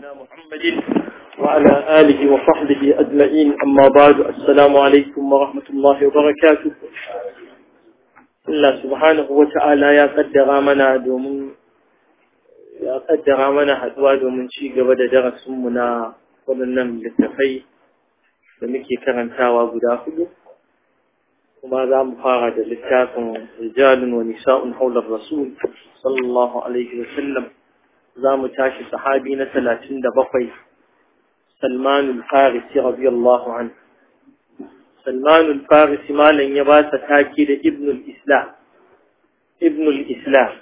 سيدنا محمد وعلى آله وصحبه أجمعين أما بعد السلام عليكم ورحمة الله وبركاته الله سبحانه وتعالى يا قدر آمنا دومن يا قدر آمنا حدوى دومن شيء قبل درس منا قلنا من التخي ومكي كرن تاوى بداخله وما دام فارد للتاكم رجال ونساء حول الرسول صلى الله عليه وسلم za mu tashi sahabi na talatin da bakwai salmanul farisi radiyallahu an salmanul farisi malam ya ba ta taki da ibnul islam ibnul islam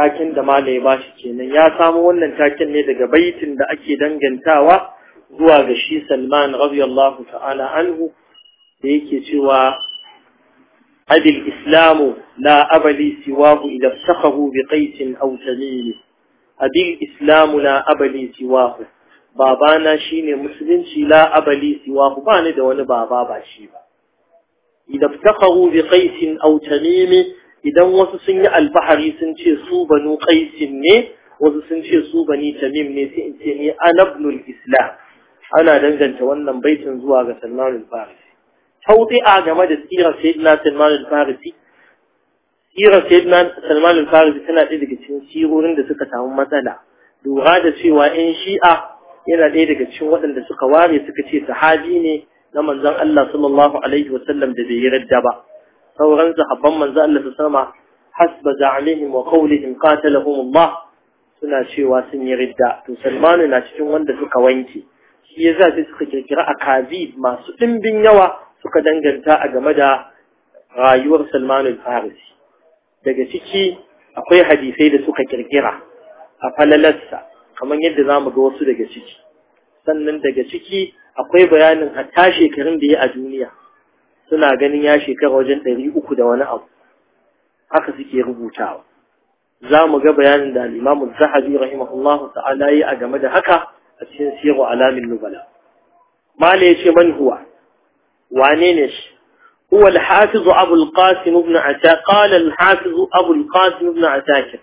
takin da malam ya ba shi kenan ya samu wannan takin ne daga baitin da ake dangantawa zuwa ga shi salman radiyallahu ta'ala anhu da yake cewa Islamu الإسلام لا أبلي idan إذا افتخه بقيس أو تميم abin islamu la abali siwahu babana shine musulunci la abali siwahu ba ni da wani baba ba shi ba idan takahu bi qaisin aw tamimi idan wasu sun yi albahari sun ce su banu qaisin ne wasu sun ce su bani tamim ne sai in ce ni anabnul islam ana danganta wannan baitin zuwa ga salman al-farisi tawdi'a game da sirar sayyidina salman farisi sirar sayyidina salman al-farisi tana ɗaya daga cikin sirorin da suka samu matsala lura da cewa yan shi'a yana ɗaya daga cikin waɗanda suka ware suka ce sahabi ne na manzon Allah sallallahu alaihi wa sallam da bai radda ba sauran sahabban manzon Allah sallama hasba za'alihim wa qawlihim qatalahum Allah suna cewa sun yi ridda to Salmanu na cikin wanda suka wanke shi yasa sai suka kirkira akazib masu ɗimbin yawa suka danganta a game da rayuwar Salmanu al-Farisi daga ciki akwai hadisai da suka kirkira a falalarsa kamar yadda za mu ga wasu daga ciki sannan daga ciki akwai bayanin hatta shekarun da ya a duniya suna ganin ya shekara wajen ɗari uku da wani abu haka suke rubutawa za mu ga bayanin da al'imamu zahabi rahimahullahu ta'ala yi a game da haka a cikin siyarwa alamin nubala mala ya ce man huwa wane ne shi هو الحافظ أبو القاسم ابن عساكر قال الحافظ أبو القاسم ابن عساكر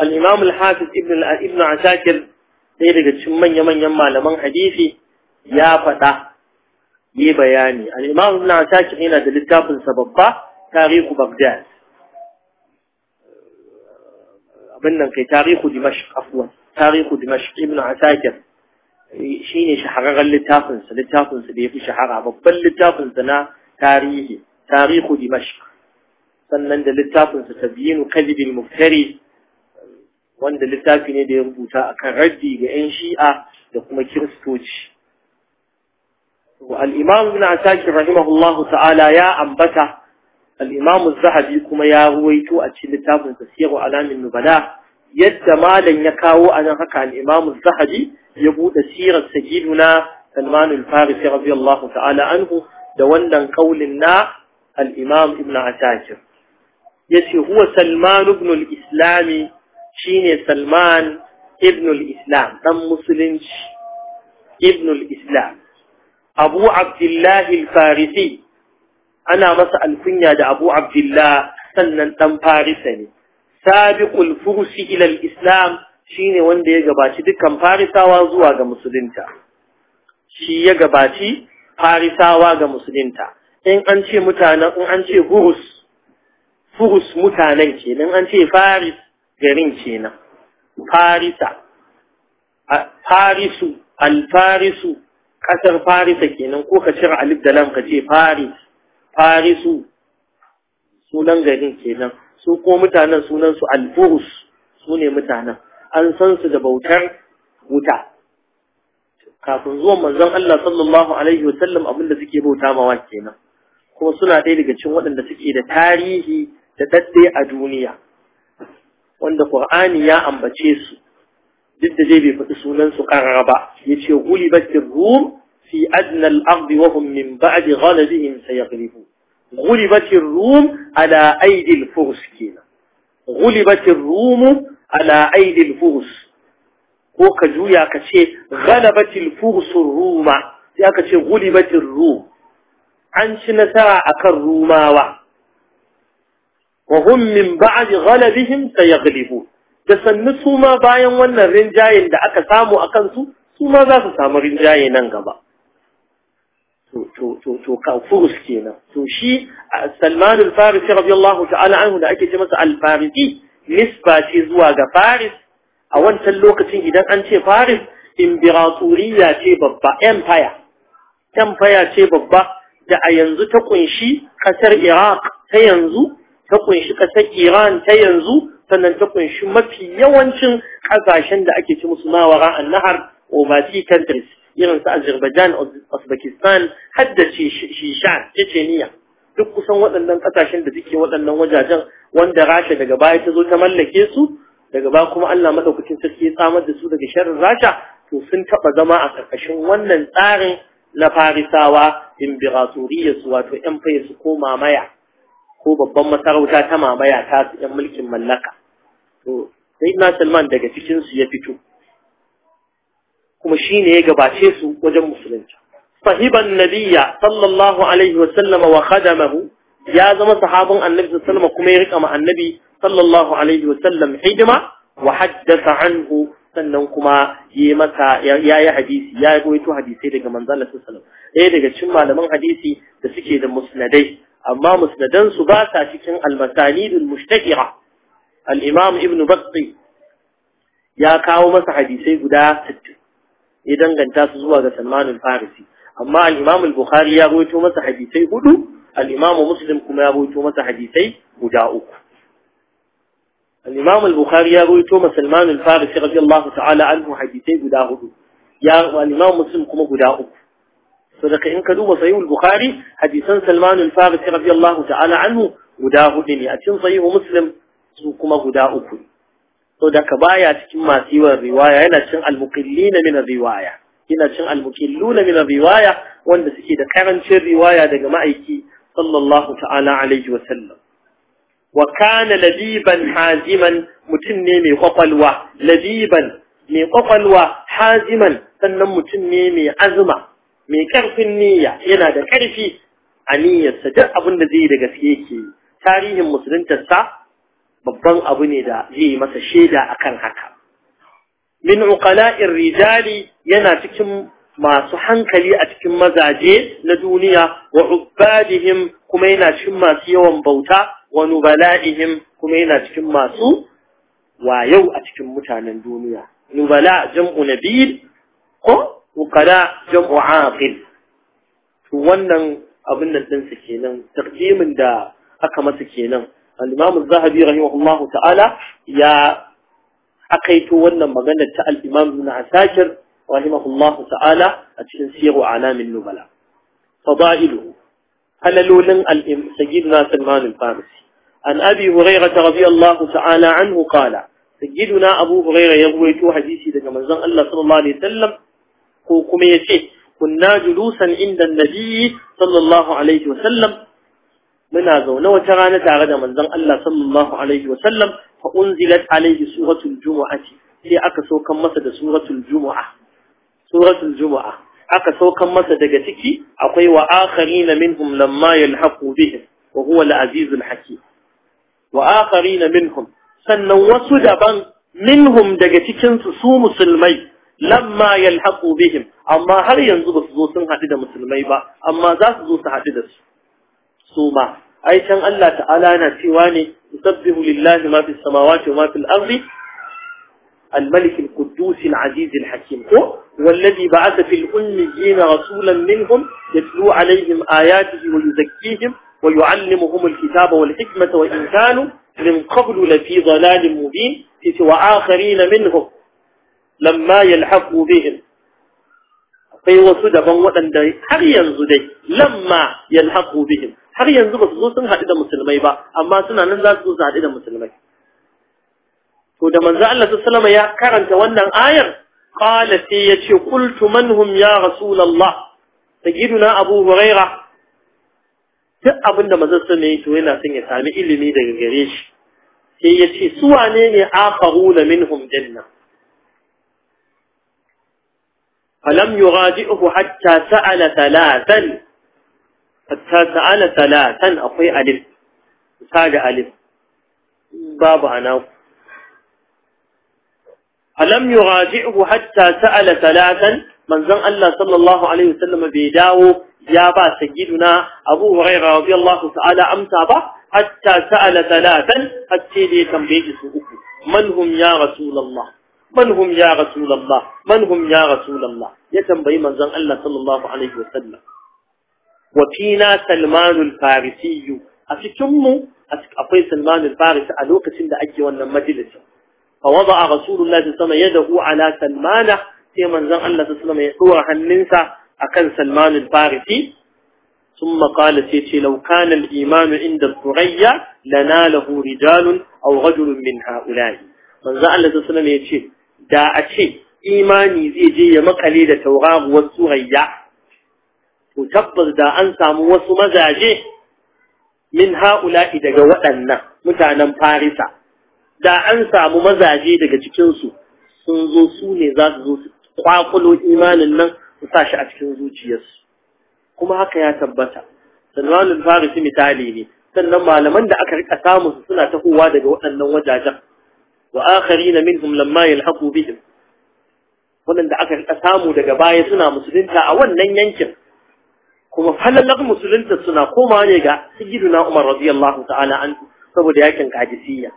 الإمام الحافظ ابن ابن عتاكة ليرجع من يمن يما لمن حديثي يا فتى يبياني الإمام ابن عساكر هنا دلتاب السبب با تاريخ بغداد أبنا كي تاريخ دمشق أفوا تاريخ دمشق ابن عساكر شيني شحرق اللتاب السبب اللتاب السبب يفي شحرق ببل اللتاب السبب tarihi tarihu dimashq sannan da littafin sa tabyinu kalbil muftari wanda littafi ne da ya rubuta akan raddi ga yan shi'a da kuma kiristoci al-imam ibn asakir rahimahullahu ta'ala ya ambata al-imam az-zahabi kuma ya ruwaito a cikin littafin sa siru alamin nubala yadda malam ya kawo anan haka al-imam az-zahabi ya bude sirar sajiduna salman al-farisi radiyallahu ta'ala anhu da wannan kaulin na alimam imam Ibn Asakir yace huwa Salman ibn al-Islam shine Salman ibn islam ɗan musulunci ibn islam Abu Abdullah al-Farisi ana masa alkunya da Abu Abdullah sannan ɗan Farisa ne sabiqul fursi ilal islam shine wanda ya gabaci dukkan Farisawa zuwa ga musulunta shi ya gabaci farisawa ga musulunta in an ce mutanen in an ce gurus furus mutanen kenan an ce faris garin kenan farisa farisu alfarisu kasar farisa kenan ko ka cire alif da lam ka ce faris farisu sunan garin kenan su ko mutanen sunan su alfurus su ne mutanen an san su da bautar wuta kafin zuwan manzon Allah sallallahu alaihi wasallam abin da suke bauta ma mawa kenan kuma suna dai daga cikin waɗanda suke da tarihi da dadde a duniya wanda Qur'ani ya ambace su duk da dai bai faɗi sunan su karara ba yace quli ar-rum fi adna al-ard wa hum min ba'di ghalabihim sayaghlibu quli ar-rum ala aydi al-furs kenan ghulibat ar-rum ala aidi ko ka juya ka ce ghalabatil fursur ruma sai aka ce gulibatil rum an ci nasara akan rumawa wa hum min ba'd ghalabihim sayaghlibu da sannu su ma bayan wannan rinjayen da aka samu akan su su ma za su samu rinjaye nan gaba to to ka kafurus kenan to shi salman al-farisi radiyallahu ta'ala anhu da ake ce masa al-farisi nisba ce zuwa ga faris a wancan lokacin idan an ce Paris imbiraturiya ce babba empire empire ce babba da a yanzu ta kunshi kasar Iraq ta yanzu ta kunshi kasar Iran ta yanzu sannan ta kunshi mafi yawancin kasashen da ake ci musu mawara an overseas countries irin su Azerbaijan Uzbekistan har da Shishan Chechnya duk kusan waɗannan kasashen da suke waɗannan wajajen wanda Rasha daga baya ta zo ta mallake su daga ba kuma Allah madaukakin sarki ya tsamar da su daga sharrin rasha to sun taba zama a karkashin wannan tsarin na farisawa imbiratoriya su wato yan faye su ko mamaya ko babban masarauta ta mamaya ta su yan mulkin mallaka to sai salman daga cikin su ya fito kuma shine ya gabace su wajen musulunci fahiban nabiyya sallallahu alaihi wa sallama wa khadamahu ya zama sahabin annabi sallama kuma ya rika ma annabi sallallahu alaihi wa sallam hidima wa haddasa anhu sannan kuma yi masa ya yi hadisi ya goyito hadisai daga Sallallahu wa sallam ɗaya daga cikin malaman hadisi da suke da musnadai amma musnadan su ba sa cikin al-masanidul mushtaqira al-imam ibn batti ya kawo masa hadisai guda 60 ya danganta su zuwa ga salmanul farisi amma al-imam al-bukhari ya goyito masa hadisai hudu الإمام مسلم كما يرويتو مس حديثي وداؤك الإمام البخاري يرويتو مسا سلمان الفارسي رضي الله تعالى عنه حديثي وداؤك يا الإمام مسلم كما وداؤك صدق إن كدوب صحيح البخاري حديثا سلمان الفارسي رضي الله تعالى عنه وداؤك أتين صحيح مسلم كما وداؤك صدق بايا تكما سوى الرواية هنا تشن المقلين من الرواية yana cin almukilluna min riwaya wanda suke da karancin riwaya daga ma'aiki sallallahu ta'ala alaihi wa sallam wa labiban haziman mutum ne mai kwakwalwa labiban mai ƙwaƙwalwa, haziman sannan mutum ne mai azuma mai ƙarfin niyya yana da ƙarfi. a niyyarsa duk abin da zai yi da gaske yake tarihin musuluntarsa babban abu ne da zai yi masa shaida akan haka min uqala'ir rijali yana cikin masu hankali a cikin mazaje na duniya wa ubadihim kuma yana cikin masu yawan bauta wa nubala'ihim kuma yana cikin masu wayau a cikin mutanen duniya nubala jam'u nabil ko uqala jam'u aqil to wannan abin nan din su kenan taqdimin da aka masa kenan al-imam az-zahabi rahimahullahu ta'ala ya akaito wannan maganar ta al-imam ibn asakir رحمه الله تعالى أتكن سير أعلام النبلاء فضائله هل لولن سيدنا سلمان الفارسي عن أبي هريرة رضي الله تعالى عنه قال سيدنا أبو هريرة يروي حديثي لك من زن الله صلى الله عليه وسلم قوكم يشيه كنا جلوسا عند النبي صلى الله عليه وسلم من هذا wata rana tare da manzon صلى الله عليه وسلم فأنزلت عليه سورة الجمعة suratul jumu'ati sai aka سورة الجمعة سورة الجمعة أكا سوكا مسا دقتكي أقوي وآخرين منهم لما ينحقوا بهم وهو العزيز الحكيم وآخرين منهم سنوصوا دبان منهم دقتكي سو مسلمي لما ينحقوا بهم أما هل ينزب سوصن حديد مسلمي با أما ذات سوصن حديد سوما أي كان الله تعالى نتواني يسبه لله ما في السماوات وما في الأرض الملك القدوس العزيز الحكيم هو والذي بعث في الأميين رسولا منهم يتلو عليهم آياته ويزكيهم ويعلمهم الكتاب والحكمة وإن كانوا من قبل لفي ضلال مبين سوى آخرين منهم لما يلحقوا بهم akwai wasu daban waɗanda har yanzu dai lamma yalhaqu bihim har yanzu ba su مسلمي با أما سنة musulmai ba amma suna nan to da manzo Allah sallallahu ya karanta wannan ayar qala sai yace qultu manhum ya rasulullah sayyiduna abu huraira duk abin da manzo sallallahu alaihi to yana son ya sami ilimi daga gare shi sai yace su wane ne akharuna minhum janna falam yuraji'uhu hatta sa'ala thalathan hatta sa'ala thalathan akwai alif misali alif babu anaku ألم يراجعه حتى سأل ثلاثا من زن الله صلى الله عليه وسلم بيداو يابا سيدنا أبو هريرة رضي الله تعالى أمتابا حتى سأل ثلاثا حتى لي تنبيج سؤكو من هم يا رسول الله من هم يا رسول الله من هم يا رسول الله يتنبي من زن الله صلى الله عليه وسلم وفينا سلمان الفارسي أفكم أفكم سلمان الفارسي ألوك سند أجي وانا مجلس فوضع رسول الله صلى الله عليه وسلم يده على سلمانه في منزل الله صلى الله عليه وسلم يقول hannunsa akan Salman al ثم قال سيتي لو كان الإيمان عند الثريا لناله رجال أو رجل من هؤلاء الله صلى الله عليه وسلم دا داعتي إيماني زي جي مقالي دا توغاغ والثريا وتبض دا أنسى موسو مزاجي من هؤلاء دا قوأنا متعنا فارسا da an samu mazaje daga cikinsu sun zo su ne za su zo su kwakulo imanin nan su sa shi a cikin zuciyarsu kuma haka ya tabbata salmanul farisi misali ne sannan malaman da aka rika samu suna tahowa daga waɗannan wajajen wa akharina minhum lamma yalhaqu bihim da aka rika samu daga baya suna musulunta a wannan yankin kuma falalar musulunta suna koma ne ga sayyiduna Umar radiyallahu ta'ala anhu saboda yakin kadisiyya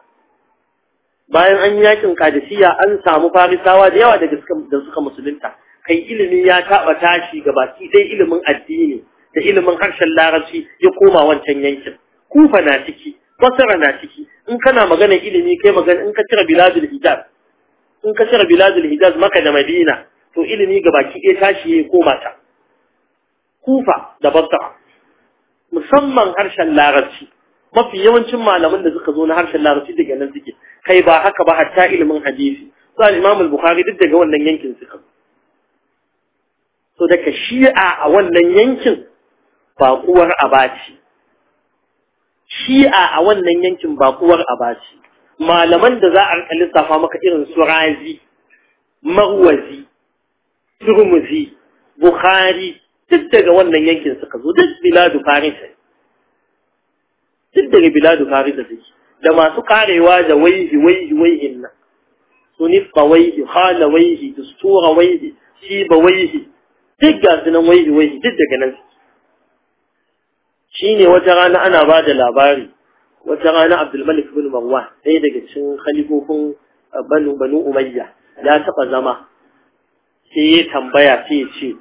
bayan an yakin kadisiya an samu farisawa da yawa daga da suka musulunta kai ilimi ya taɓa tashi gaba ki dai ilimin addini da ilimin harshen larabci ya koma wancan yankin kufa na ciki basra na ciki in kana magana ilimi kai magana in ka cire biladul hijaz in ka cire biladul hijaz maka da madina to ilimi gaba ki ɗaya tashi ya koma ta kufa da basra musamman harshen larabci mafi yawancin malaman da suka zo na harshen larabci daga nan suke kai ba haka ba hatta ilimin hadisi al Imam al-Bukhari duk daga wannan yankin suka so daga shi'a a wannan yankin ba kuwar abaci shi'a a wannan yankin ba kuwar abaci malaman da za a rika lissafa maka irin su razi marwazi turmuzi bukhari duk daga wannan yankin suka zo duk biladu farisa duk daga biladu farisa suke da masu karewa da waihi waihi waihin nan sunifa waihi hala waihi dustura waihi shiba waihi duk ga sunan waihi waihi duk daga nan shine wata rana ana ba da labari wata rana abdulmalik bin marwa ɗaya daga cikin khalifofin uh, banu banu umayya ya taɓa zama sai ya tambaya sai ya ce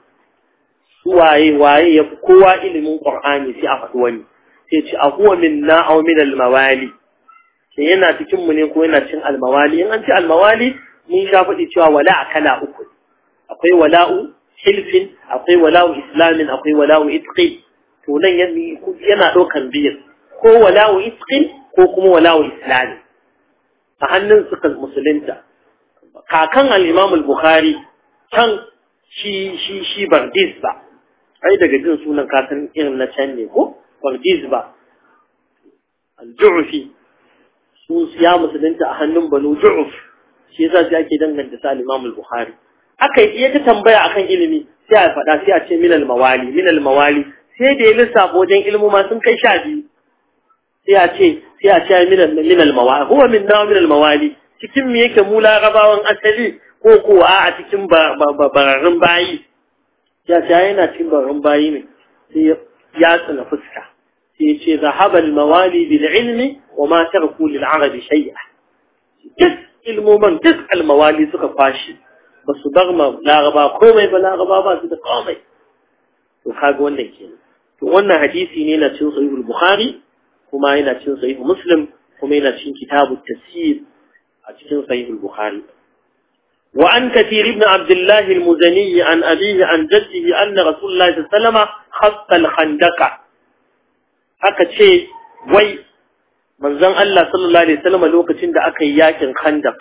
waye waye ya fi kowa ilimin qur'ani sai a faɗi wani sai ce a huwa minna aw min al mawali shi yana cikin mu ne ko yana cikin almawali in an ce almawali mun sha faɗi cewa wala kala uku akwai wala'u hilfin akwai wala'u islamin akwai wala'u itqin to nan yana ɗaukan biyar ko wala'u itqin ko kuma wala'u islamin a hannun suka musulunta kakan al al-bukhari can shi shi shi bardis ba ai daga jin sunan kakan irin na can ne ko bardis ba al-ju'fi su ya musulunta a hannun banu ju'uf shi yasa sai ake danganta sa Imam al-Bukhari aka yi ta tambaya akan ilimi sai a faɗa sai a ce al mawali al mawali sai da yin lissafa wajen ilmu ma sun kai sha biyu sai a ce sai a ce min al mawali huwa min nawa al mawali cikin me yake mu larabawan asali ko ko a a cikin bararrun bayi ya sai yana cikin bararrun bayi ne sai ya tsana fuska في ذهب الموالي بالعلم وما تركوا للعرب شيئا كس المومن كس الموالي سكا بس بغم لا غبا قومي بلا غبا با سيد قومي وخاق وانك وانا حديثي نينا تشين صحيح البخاري وما ينا تشين صحيح مسلم وما ينا تشين كتاب التسيير تشين صحيح البخاري وعن كثير ابن عبد الله المزني عن أبيه عن جده أن رسول الله صلى الله عليه وسلم خص الخندقة aka ce wai manzon Allah sallallahu alaihi wasallam lokacin da aka yi yakin Khandaq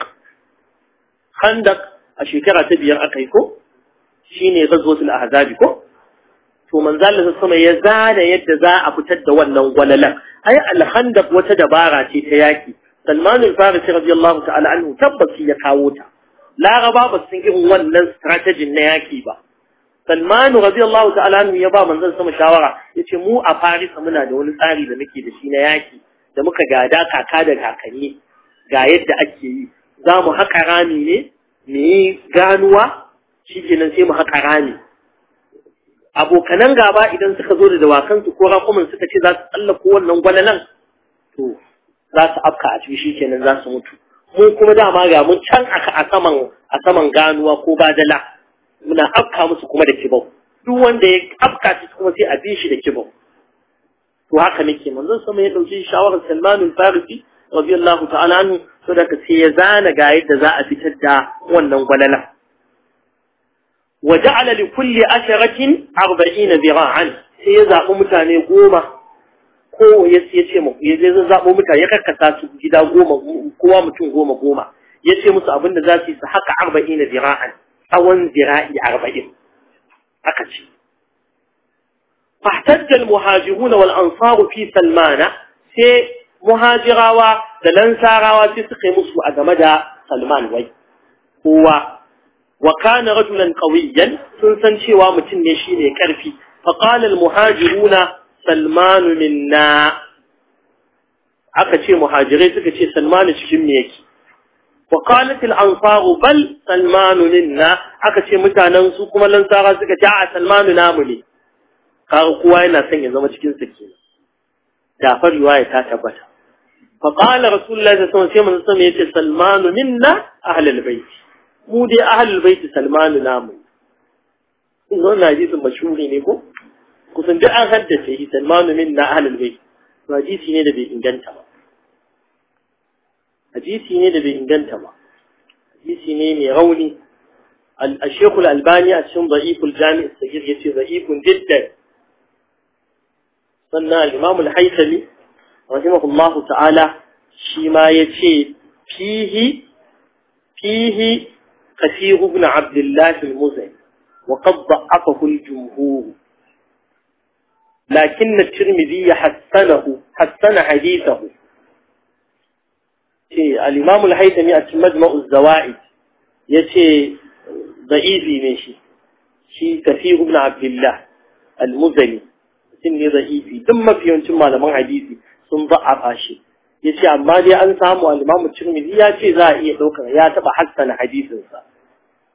Khandaq a shekara ta biyar aka yi ko shine ghazwatul ahzab ko to manzon Allah sallallahu ya zana yadda za a fitar da wannan gwalalan ai al-Khandaq wata dabara ce ta yaki Salman al-Farisi radiyallahu ta'ala anhu tabbas ya kawo ta Laraba ba sun irin wannan strategy na yaki ba salmanu radiyallahu ta'ala anhu ya ba manzon sama shawara yace mu a farisa muna da wani tsari da muke da shi na yaki da muka gada kaka da kakanni ga yadda ake yi za mu haƙa rami ne mu yi ganuwa kenan sai mu haƙa rami abokanan gaba idan suka zo da dawakansu ko rakumin suka ce za su tsallako wannan gwalalan to za su afka a cikin shi kenan za su mutu mu kuma dama ga mun can a saman a saman ganuwa ko badala muna afka musu kuma da kibau duk wanda ya afka shi kuma sai a bi shi da kibau to haka nake manzon sama ya dauki shawarar Salman al-Farisi radiyallahu ta'ala anhu saboda sai ya zana ga yadda za a fitar da wannan gwalala وجعل لكل عشرة أربعين ذراعا sai ya zaɓi mutane goma ko ya ce mu ya zaɓo mutane ya karkasa su gida goma kowa mutum goma goma ya ce musu abin da za su yi su haka arba'in da zira'an أول ذراء أربعين فقط فاحتج المهاجرون والأنصار في سلمان سي مهاجرا ودلنسارا وتسقي مصر أدمدا سلمان وي هو وكان رجلا قويا سنسنشي ومتن نشين كرفي فقال المهاجرون سلمان منا أكتشي مهاجرين سلمان شكيم wa qalat al ansaru bal salmanu minna aka ce mutanen su kuma lansara suka ce a salmanu namu ne kaga kowa yana son ya zama cikin su kenan da fa riwaya ta tabbata fa qala rasulullahi sallallahu alaihi wasallam sai manzo yace salmanu minna ahlul bait mu dai ahlul bait salmanu namu wannan hadisin mashuri ne ko kusan duk an hadda ce salmanu minna ahlul bait hadisi ne da bai inganta ba حديثي ني da bai inganta حديثي ني مي mai الشيخ الألباني اسم ضعيف الجامع الصغير يتي ضعيف جدا صنع الإمام الحيثمي رحمه الله تعالى شيما يتي فيه فيه كثير بن عبد الله المزني وقد ضعفه الجمهور لكن الترمذي حسنه حسن حديثه إيه الإمام الهيثمي أتمجمع الزواعد يتي ضعيفي ماشي شي كثير بن عبد الله المزني سن ضعيفي دم في ينتم على من حديثي sun za'afa shi ya ce amma dai an samu alimamu cirmizi ya ce za a iya ɗaukar ya taɓa hassana hadisinsa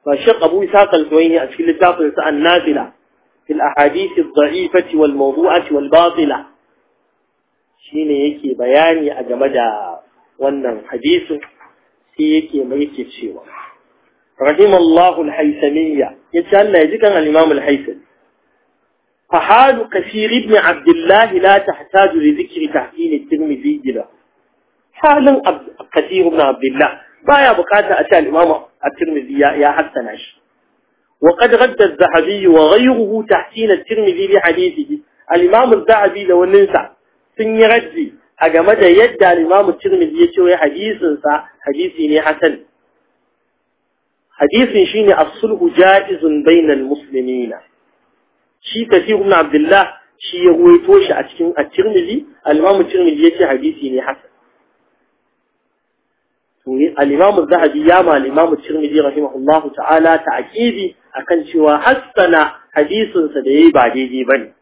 ba shi abu isa kalsuwaini a cikin littafinsa an nazila fil ahadisi dha'ifati wal mawdu'ati wal batila shine yake bayani a game da wannan hadisin sai yake mai yake cewa rahimallahu al-haysamiyya yace Allah ya ji kan al-imam al-haysami فحال كثير ابن عبد الله لا تحتاج لذكر تحسين الترمذي له حال كثير ابن عبد الله بايا بقاتا أتى الإمام الترمذي يا حسن عش وقد رد الذهبي وغيره تحسين الترمذي لحديثه الإمام الذهبي لو ننسى سن يردي a game da yadda limamu tirmidhi ya ce wai hadisinsa hadisi ne hasan hadisin shine as-sulhu jaizun bainal muslimina shi kathir ibn abdullah shi ya ruwaito shi a cikin a tirmidhi al-imam ya ce hadisi ne hasan to al-imam zahabi ya ma al-imam tirmidhi rahimahullahu ta'ala a akan cewa hasana hadisinsa da da yayi ba daidai bane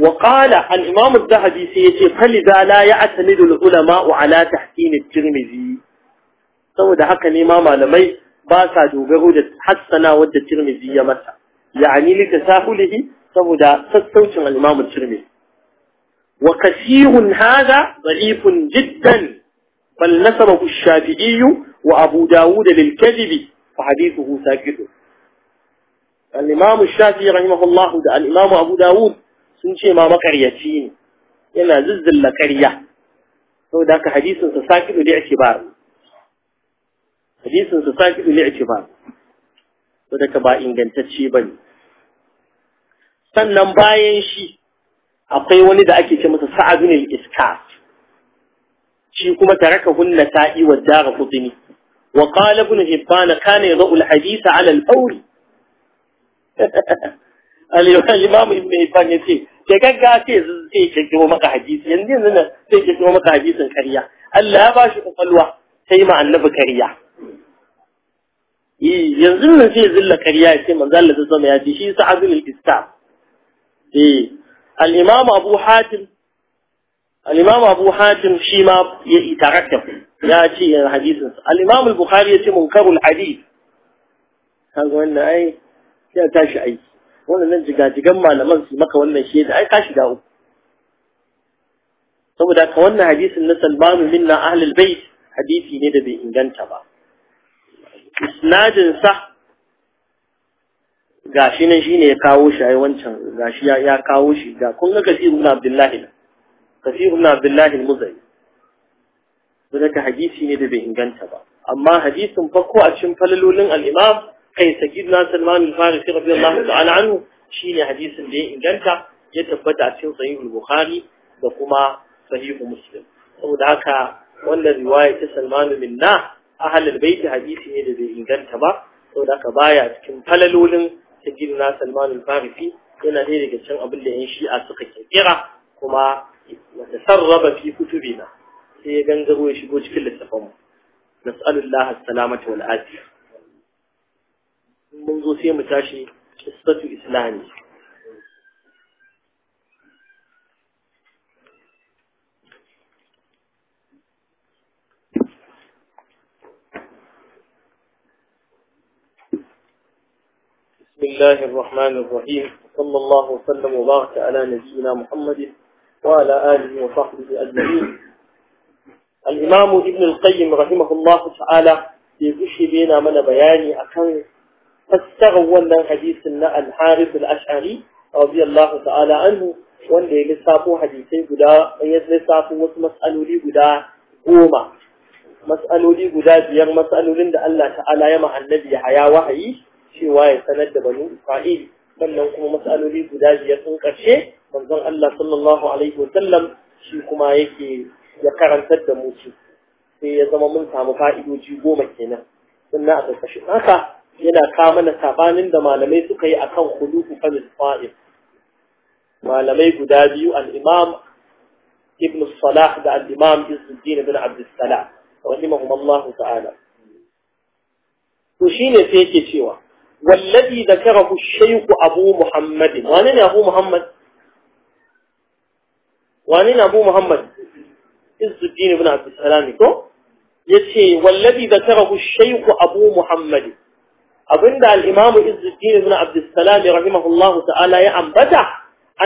وقال الإمام الذهبي سيشي فلذا لا يعتمد العلماء على تحكين الترمذي ثم دهك الإمام علمي باسا دوغرو حسنا ود الترمذي يمسا يعني لتساهله ثم ده ستوش الإمام الترمذي وكثير هذا ضعيف جدا فلنسبه الشافعي وأبو داود للكذب فحديثه ساكت الإمام الشافعي رحمه الله ده الإمام أبو داود sun ce ma makaryaci ne yana zuzzilla karya da haka hadisin sa saqidu ba, i'tibar hadisin sa saqidu ba, sau da ka ba ingantacce ne sannan bayan shi akwai wani da ake ce masa sa'adun iska. iskas shi kuma taraka hunna sa'i wa jara kudini. wa qala ibn hibban kane yadhu al hadisa alal al-awri al-imam ibn hibban ce. da gagga ce ke kirkiro maka hadisi yanzu yanzu nan sai kirkiro maka hadisin ƙarya Allah ya bashi kwakwalwa sai ma annabi ƙarya eh, yanzu nan sai zilla ƙarya ya ce manzo Allah zai ya ce shi sa'adul istab eh al-imam Abu Hatim al-imam Abu Hatim shi ma ya itarakka ya ce hadisin al-imam al-Bukhari ya ce munkarul hadith kaga wannan ai sai tashi aiki wannan jigajigan malaman su maka wannan shaida ai ka shiga uku saboda ka wannan hadisin na salmanu minna ahlul bait hadisi ne da bai inganta ba isnadin sa gashi nan shine ya kawo shi ai wancan gashi ya kawo shi ga kun ga kasir ibn abdullahi kasir ibn abdullahi al-muzai saboda hadisi ne da bai inganta ba amma hadisin farko a cikin falalolin al-imam kai na Salman al-Farisi radiyallahu ta'ala anhu shine hadisin da ya inganta ya tabbata cikin sahih al-Bukhari da kuma sahih Muslim saboda haka wannan riwaya ta Salman minna ahal al-bait hadisi ne da bai inganta ba saboda haka baya cikin falalolin sayyidina Salman al-Farisi yana dai daga cikin abin da yan shi'a suka kirkira kuma wata sarraba fi kutubina sai ya gangaro ya shigo cikin littafanmu nas'alullahi as-salamata wal afiya منذ zo متاشي قصته اسلامي بسم الله الرحمن الرحيم صلى الله وسلم وبارك على نبينا محمد وعلى آله وصحبه أجمعين الإمام ابن القيم رحمه الله تعالى يزشي بينا من بياني أكن fassarar wannan hadisin na al-harith al-ash'ari radiyallahu ta'ala anhu wanda ya lissafo hadisai guda ya lissafo wasu mas'aloli guda goma mas'aloli guda biyar mas'alolin da Allah ta'ala ya annabi ya haya wahayi cewa ya sanar da banu Isra'il sannan kuma mas'aloli guda biyar sun ƙarshe manzon Allah sallallahu alaihi wa shi kuma yake ya karantar da mu sai ya zama mun samu fa'idodi goma kenan sannan a ƙarƙashin haka yana kama na sabanin da malamai suka yi akan khuluqu fa misfa'il malamai guda biyu al-imam ibn salah da al-imam izzuddin ibn abd salah rahimahum Allah ta'ala to shine sai yake cewa wallazi zakarahu shaykh abu muhammad wani ne abu muhammad wani ne abu muhammad izzuddin ibn abd salah ne ko yace wallazi zakarahu shaykh abu muhammad أبن الإمام الدين بن عبد السلام رحمه الله تعالى يعنبت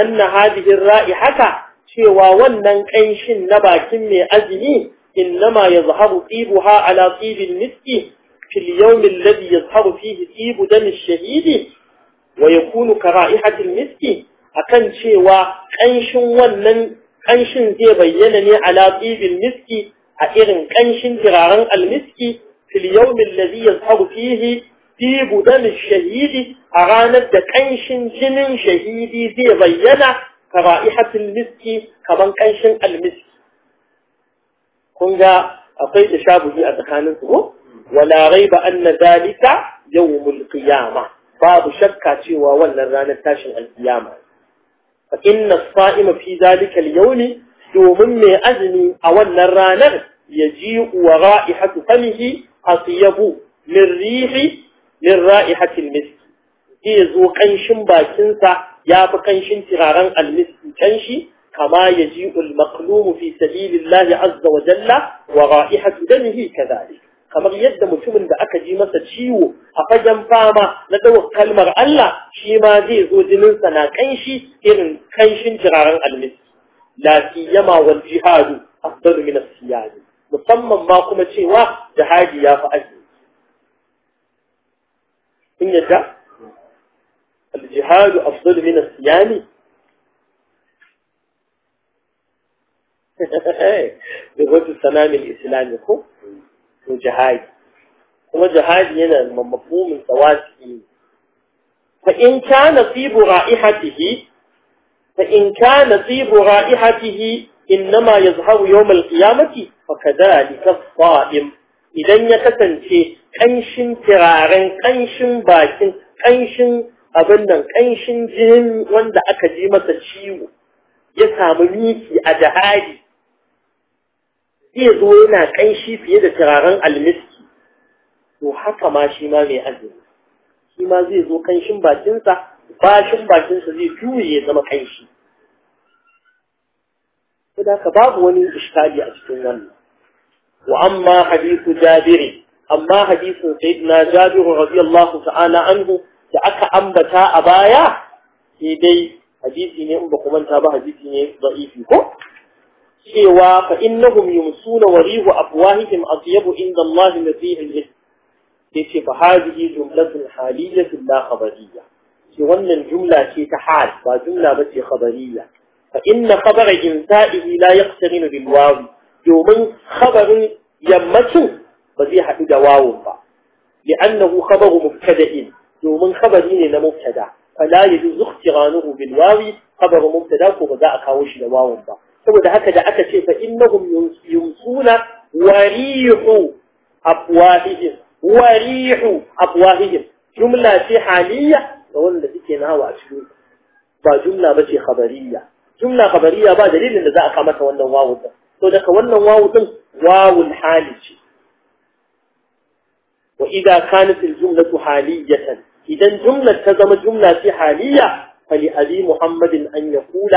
أن هذه الرائحة شوى ونن كنش نبا كم أزمي إنما يظهر طيبها على طيب النسك في اليوم الذي يظهر فيه طيب دم الشهيد ويكون كرائحة النسك أكن شوى كنش ونن كنش يبينني على طيب النسك أئرن كنش ترارن المسك في اليوم الذي يظهر فيه طيب دم الشهيد أغانت دكنش جن شهيدي ذي ضينا كرائحة المسك كمان كنش المسك كنجا أقيد شابه أدخانته ولا غيب أن ذلك يوم القيامة باب شكا سوى ولا رانا تاشن القيامة فإن الصائم في ذلك اليوم يوم من أزمي أولا رانا يجيء ورائحة فمه أطيب من ريح min ra'ihatil misk zai zo kanshin bakinsa ya fi kanshin turaren almiski kanshi kama ya ji ulmaklumu fi sabilillahi azza wa jalla wa ra'ihatu damihi kadhalik kamar yadda mutumin da aka ji masa ciwo a fagen fama na dawo kalmar Allah shi ma zai zo jinin sa na kanshi irin kanshin turaren almiski la fi yama wal jihadu afdalu min as siyad musamman ma kuma cewa jihadi ya fi aji إن يشاء الجهاد أفضل من الصيام بغض السلام الإسلامي هو جهاد هو جهاد هنا مفهوم التواسل فإن كان طيب رائحته فإن كان طيب رائحته إنما يظهر يوم القيامة فكذلك الصائم إذن يكتنشيه ƙanshin turaren ƙanshin bakin ƙanshin abin nan ƙanshin jinin wanda aka ji masa ciwo ya samu miki a jihari zai zo yana ƙanshi fiye da tiraren almiski to haka ma shi ma mai azumi shi ma zai zo ƙanshin bakinsa bashin bakinsa zai juye ya zama ƙanshi saboda ka babu wani iskali a cikin wannan wa amma hadithu jabiri amma hadisin sayyidina jabiru radiyallahu ta'ala anhu da aka ambata a baya sai dai hadisi ne in ba ku manta ba hadisi ne da'ifi ko cewa fa innahum yumsuna wa rihu afwahihim atyabu inda Allah nasihi al ce yace fa hadhihi jumlatun haliyyatun la khabariyya ce wannan jumla ce ta hal ba jumla ba ce khabariyya fa inna khabara insa'ihi la yaqtarinu bil wawi domin khabarin yammacin بزيها إذا واوم با لأنه خبر مبتدئ يومن خبرين إن مبتدأ فلا يجوز اختغانه بالواوي خبر مبتدأك وغداء كاوش لواوم با فبدا هكذا أكتش فإنهم ينسون وريح أبواههم وريح أبواههم جملة حالية وأن الذي كانها وأشكوه با جملة بشي خبرية جملة خبرية با دليل إن ذا أقامك وأن واو ذا فدك وأن واو ذا واو الحالي وإذا كانت الجملة حالية إذا جملة تزم جملة حالية فلأبي محمد أن يقول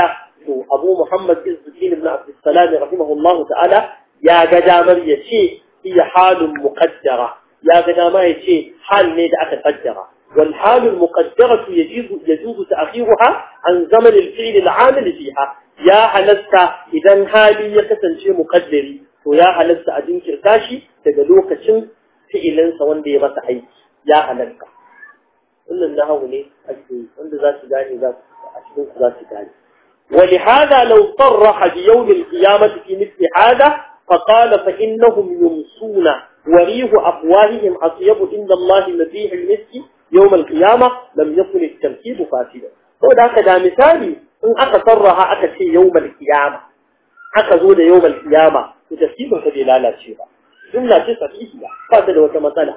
أبو محمد عز بن عبد السلام رحمه الله تعالى يا قدامر يشي هي حال مقدرة يا قدامر يشي حال نيد قدرة والحال المقدرة يجوز, يجوز تأخيرها عن زمن الفعل العامل فيها يا حلست إذا هالي يكسن شيء مقدري ويا حلست أدين كرتاشي تدلوك شنك fi'ilinsa wanda ya masa aiki ya halarta kullum na hau ne ake wanda za su gane za a cikin su za su gane ولهذا لو صرح بيوم القيامة في مثل هذا فقال فإنهم يمسون وريه أفواههم أطيب إن الله مزيح المسك يوم القيامة لم يكن التمكيد فاسدا وذاك دا مثالي إن أكا صرها أكا شيء يوم القيامة أكا زود يوم القيامة وتسكيبه فدي لا لا شيئا jumla ce sahihiya ba ta da wata matsala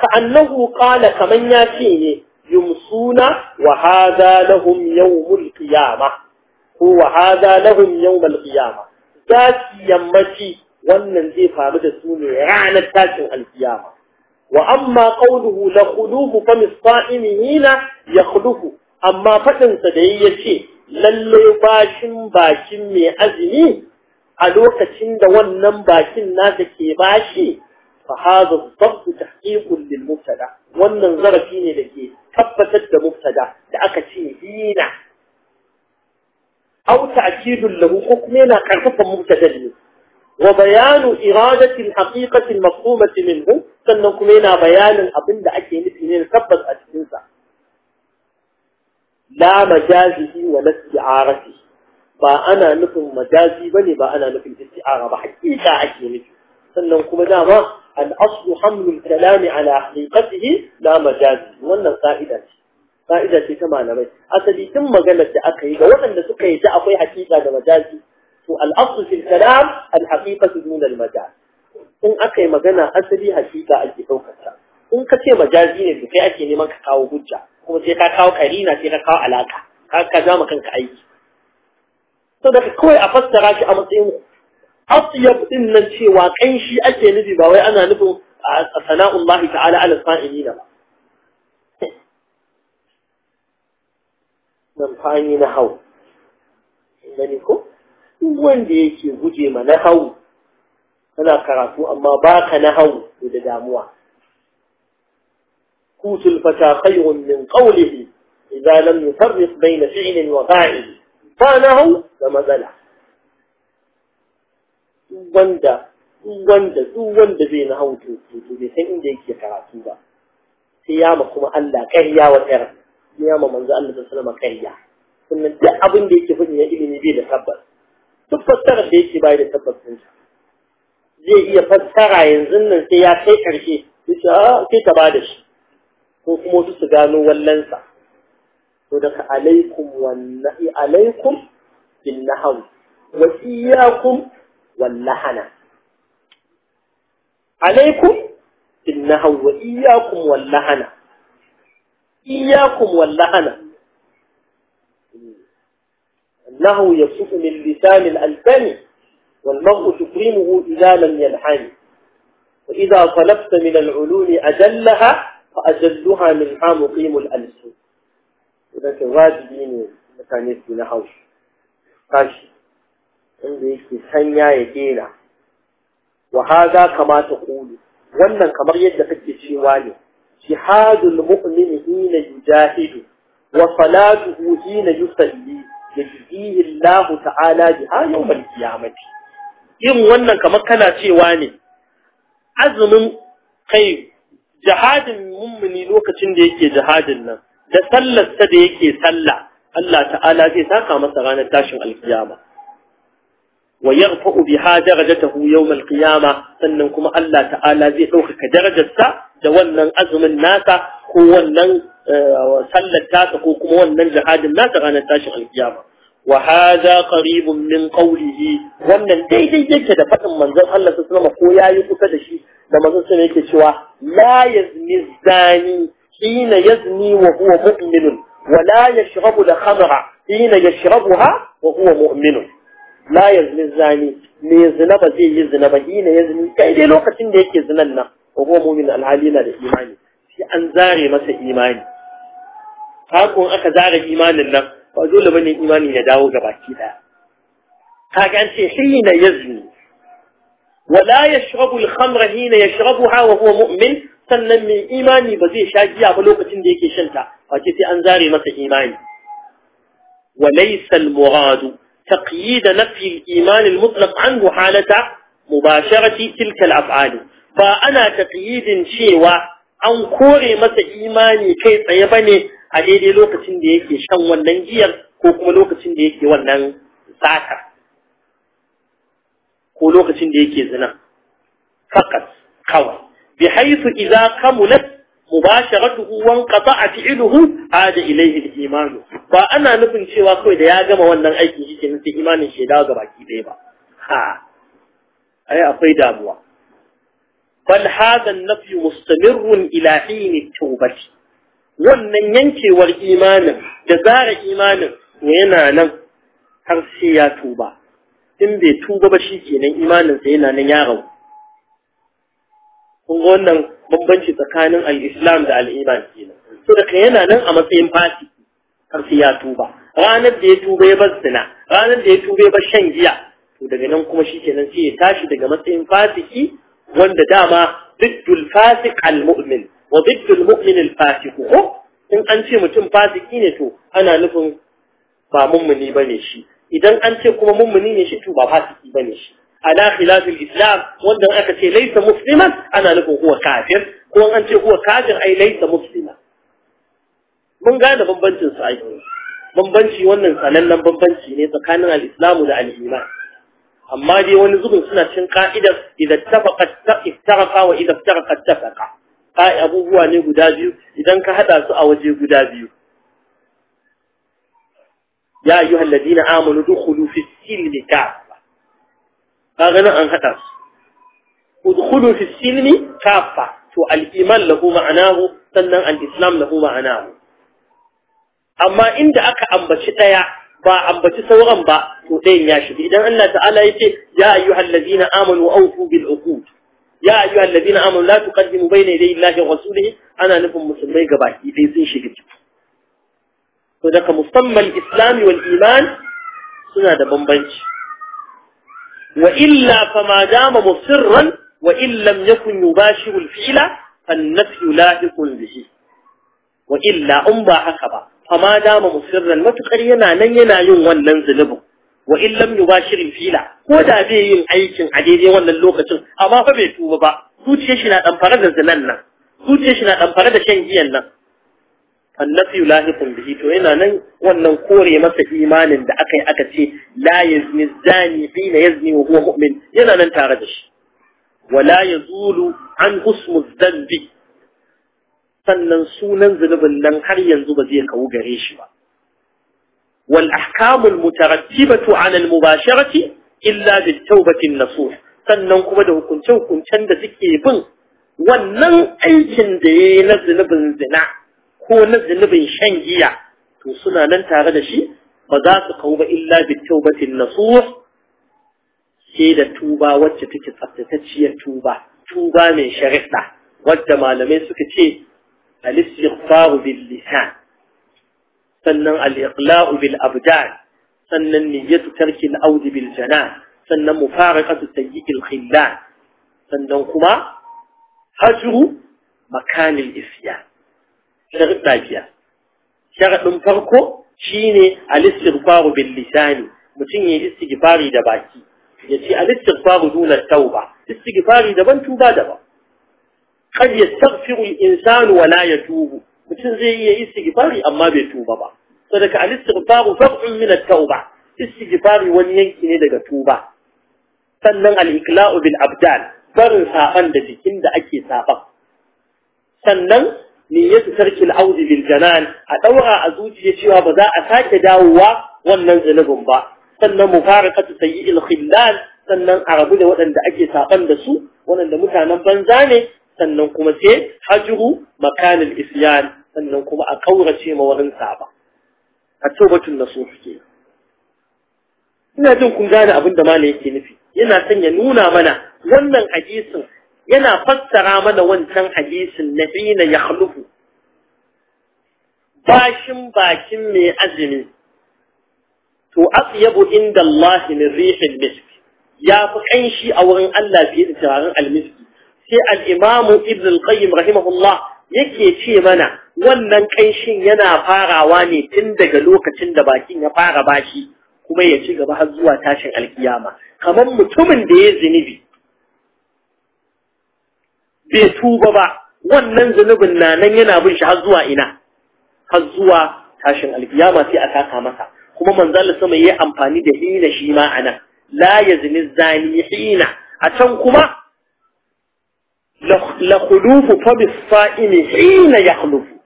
ka annahu qala kaman ya ce ne yumsuna wa hadha lahum yawmul qiyama ko wa hadha lahum yawmul za su yammaci wannan zai faru da su ne ranar tashin alkiyama wa amma qawluhu la khuluhu fa misqa'imina yakhluhu amma fadin sa da yayi yace lalle bashin bakin mai azumi a lokacin da wannan bakin nasa ke bashi fa hadha dhabt tahqiqun lil mubtada wannan zarafi ne da ke tabbatar da mubtada da aka ce hina aw ta'kidun lahu hukmi na karfafa mubtada ne wa bayanu iradatin haqiqatin mafhumati minhu sannan kuma yana bayanin abin da ake nufi ne tabbas a cikin sa la majazihi wa la isti'aratihi ba ana nufin majazi bane ba ana nufin isti'ara ba hakika ake nufi sannan kuma dama al-aslu hamlul kalami ala haqiqatihi la majazi wannan ka'ida ce ka'ida ce ta malamai asali tun maganar da aka yi ga waɗanda suka yi ta akwai hakika da majazi to al-aslu fil kalam al-haqiqatu dun al-majaz in aka yi magana asali hakika ake daukar ta in ka ce majazi ne to kai ake neman ka kawo hujja kuma sai ka kawo karina sai ka kawo alaka ka ka zama kanka aiki to daga kawai a fassara shi a matsayin asiyab din nan cewa kanshi ake nufi ba wai ana nufin a Lahi ta'ala ala sa'ilina ba amfani na hau gani ko wanda yake guje ma na hau kana karatu amma baka na hau da damuwa kutul fata khayrun min qawlihi idza lam yufarriq bayna fi'lin wa fa'il ba da matsala wanda wanda duk wanda bai na hau tutu bai san inda yake karatu ba sai ya ma kuma Allah ƙarya wa ƙyar sai ya ma manzo Allah ta sallama ƙarya sannan duk abin da yake faɗi na ilimi bai da tabbas duk fassarar da yake bai da tabbas din zai iya fassara yanzu nan sai ya kai ƙarshe sai ta ba da shi ko kuma wasu su gano wallansa ودك عليكم والنهي عليكم بالنهو وإياكم واللحنة عليكم بالنهو وإياكم واللحنة إياكم واللحنة النهو يصف من لسان الألباني والمرء تكرمه إذا لم يلحن وإذا طلبت من العلوم أجلها فأجلها من حام قيم الألسن wadanda wajibi ne mutane su na haushi tashi inda yake sanya ya dena wa haza kama kulu wannan kamar yadda kake cewa ne jihadul mu'min hina yujahidu wa salatuhu hina yusalli yajzihi Allah ta'ala biha yawmal qiyamati yin wannan kamar kana cewa ne azumin kai jihadin mummuni lokacin da yake jihadin nan da sallar ta da yake sallah Allah ta'ala zai saka masa ranar tashin alkiyama wa yarfa'u biha darajatahu yawm alqiyama sannan kuma Allah ta'ala zai ɗaukaka darajarsa da wannan azumin nasa ko wannan sallar ta ko kuma wannan jihadin nasa ranar tashin alkiyama wa hadha qaribun min qawlihi wannan daidai yake da fadin manzon Allah sallallahu alaihi wasallam ko yayi kusa da shi da manzon sai yake cewa la yazmizani حين يزني وهو مؤمن ولا يشرب الخمر حين يشربها وهو مؤمن لا يزني الزاني ميزنب زي يزنب حين يزني كأيدي لوكا تنجيك يزننا وهو مؤمن العليل الإيمان في أنزاري مسا إيمان فأكون أكزار إيمان الله فأزول من الإيمان يداو جباكي لا فأكون حين يزني ولا يشرب الخمر حين يشربها وهو مؤمن sannan mai imani ba zai sha giya ba lokacin da yake shanta ba ce sai an zare masa imani wa laysa al muradu taqyid nafi al iman al mutlaq anhu halata mubasharati tilka al af'al ba ana taqyidin cewa an kore masa imani kai tsaye ba ne a daidai lokacin da yake shan wannan giyar ko kuma lokacin da yake wannan sata ko lokacin da yake zina fakat kawai بحيث إذا كملت مباشرته وانقطع فعله عاد إليه الإيمان ana nufin cewa kawai da ya gama wannan aikin shi kenan sai imanin shi da ga baki dai ba ha ai akwai damuwa bal hadha an-nafy mustamirrun ila hin tawbati wannan yankewar imanin da zara imanin yana nan har sai ya tuba in bai tuba ba shi kenan imanin sa yana nan ya rabu kun ga wannan bambanci tsakanin al-islam da al-iman kenan so da yana nan a matsayin fasi har sai ya tuba ranar da ya tuba ya bar zina ranar da ya tuba ya bar shan giya to daga nan kuma shikenan sai ya tashi daga matsayin fasiki wanda dama diddul fasik al-mu'min wa diddul mu'min al ko in an ce mutum fasiki ne to ana nufin ba mummuni bane shi idan an ce kuma mummuni ne shi to ba fasiki bane shi على خلاف الإسلام وأنه أكد شيء ليس مسلما أنا لكم هو كافر هو أنت هو كافر أي ليس مسلما من قال من بنتي سعيده من بنتي وأنه سألنا من بنتي نتكلم عن الإسلام ولا عن الإيمان أما دي وأنه زبن سنة شنقا إذا إذا اتفق افترق وإذا افترق اتفق قال أبو هو أن يقول دابيو إذا انك هذا سؤال وجيه دابيو يا أيها الذين آمنوا دخلوا في السلم كافة kaga nan an hada su udkhulu fi silmi kafa to al-iman lahu ma'anahu sannan al-islam lahu ma'anahu amma inda aka ambaci daya ba ambaci sauran ba to dayan ya shiga idan Allah ta'ala yace ya ayyuhallazina amanu awfu bil uqud ya ayyuhallazina amanu la tuqaddimu bayna yaday Allahi wa rasulihi ana nufin musulmai gabaki dai sun shiga ciki to daga musamman islami wal iman suna da bambanci وإلا فما دام مصرا وإن لم يكن يباشر الفعل فالنفي لاحق به وإلا أنبع أخبا فما دام مصرا ما تقرينا نينا يوان ننزلبه وإن لم يباشر الفعل ودا بيهم عيشن عديدي وانا اللوغة أما فبعتوا ببا توتيشنا أنفرد الزنان توتيشنا أنفرد شنجيا annafi lahiqun bihi to yana nan wannan kore masa imanin da aka yi aka ce la yazni zani hina yazni wa huwa mu'min yana nan tare da shi wala yazulu an husmu dhanbi sannan sunan zunubin nan har yanzu ba zai kawo gare shi ba wal ahkamul mutarattibatu ala al mubasharati illa bit tawbati nasuh sannan kuma da hukunce hukuncen da suke bin wannan aikin da yayi na zunubin zina ko wannan zunubin shan giya to suna nan tare da shi ba za su kawo ba illa bi taubatin nasuh sai da tuba wacce take tsaftatacciyar tuba tuba mai shari'a wadda malamai suka ce al istighfar bil lisan sannan al-iqla'u bil abdan sannan niyyatu tarki al awd bil janan sannan mufaraqatu sayyi'il khillan sannan kuma hajru makanil isyan sharuɗa biya sharaɗin farko shine al-istighfaru bil lisani mutum ya istighfari da baki ya ce al-istighfaru duna tauba istighfari daban tuba daban kad yastaghfiru al-insanu wa ya yatubu mutum zai iya istighfari amma bai tuba ba sadaka al-istighfaru far'un min at-tauba istighfari wani yanki ne daga tuba sannan al ikla'u bil abdan barin saɓan da jikin da ake saɓan sannan niyyatu tarkil audi bil janan a daura a zuciya cewa ba za a sake dawowa wannan zunubin ba sannan mufaraqatu sayyi'il khillal sannan a rabu da waɗanda ake saban da su waɗanda mutanen banza ne sannan kuma sai hajru makanil isyan sannan kuma a kaurace ma wurin saba a tobatun nasuh ke ina jin kun gane abin da malai yake nufi yana son ya nuna mana wannan hadisin yana fassara mana wancan hadisin na hina ya halufu bashin bakin mai azumi to atyabu inda Allah min rihin miski. ya fi kanshi a wurin Allah fiye da turaren almiski sai al imamu ibn al-qayyim rahimahullah yake ce mana wannan kanshin yana farawa ne tun daga lokacin da bakin ya fara bashi kuma ya ci gaba har zuwa tashin alkiyama kamar mutumin da ya zunubi bai tuba ba wannan zunubin na nan yana bin shi har zuwa ina har zuwa tashin alkiyama sai a saka masa kuma manzal Allah sama yayi amfani da hina shi ma anan la yazni zani hina a can kuma la khulufu fa bis sa'imi hina yakhlufu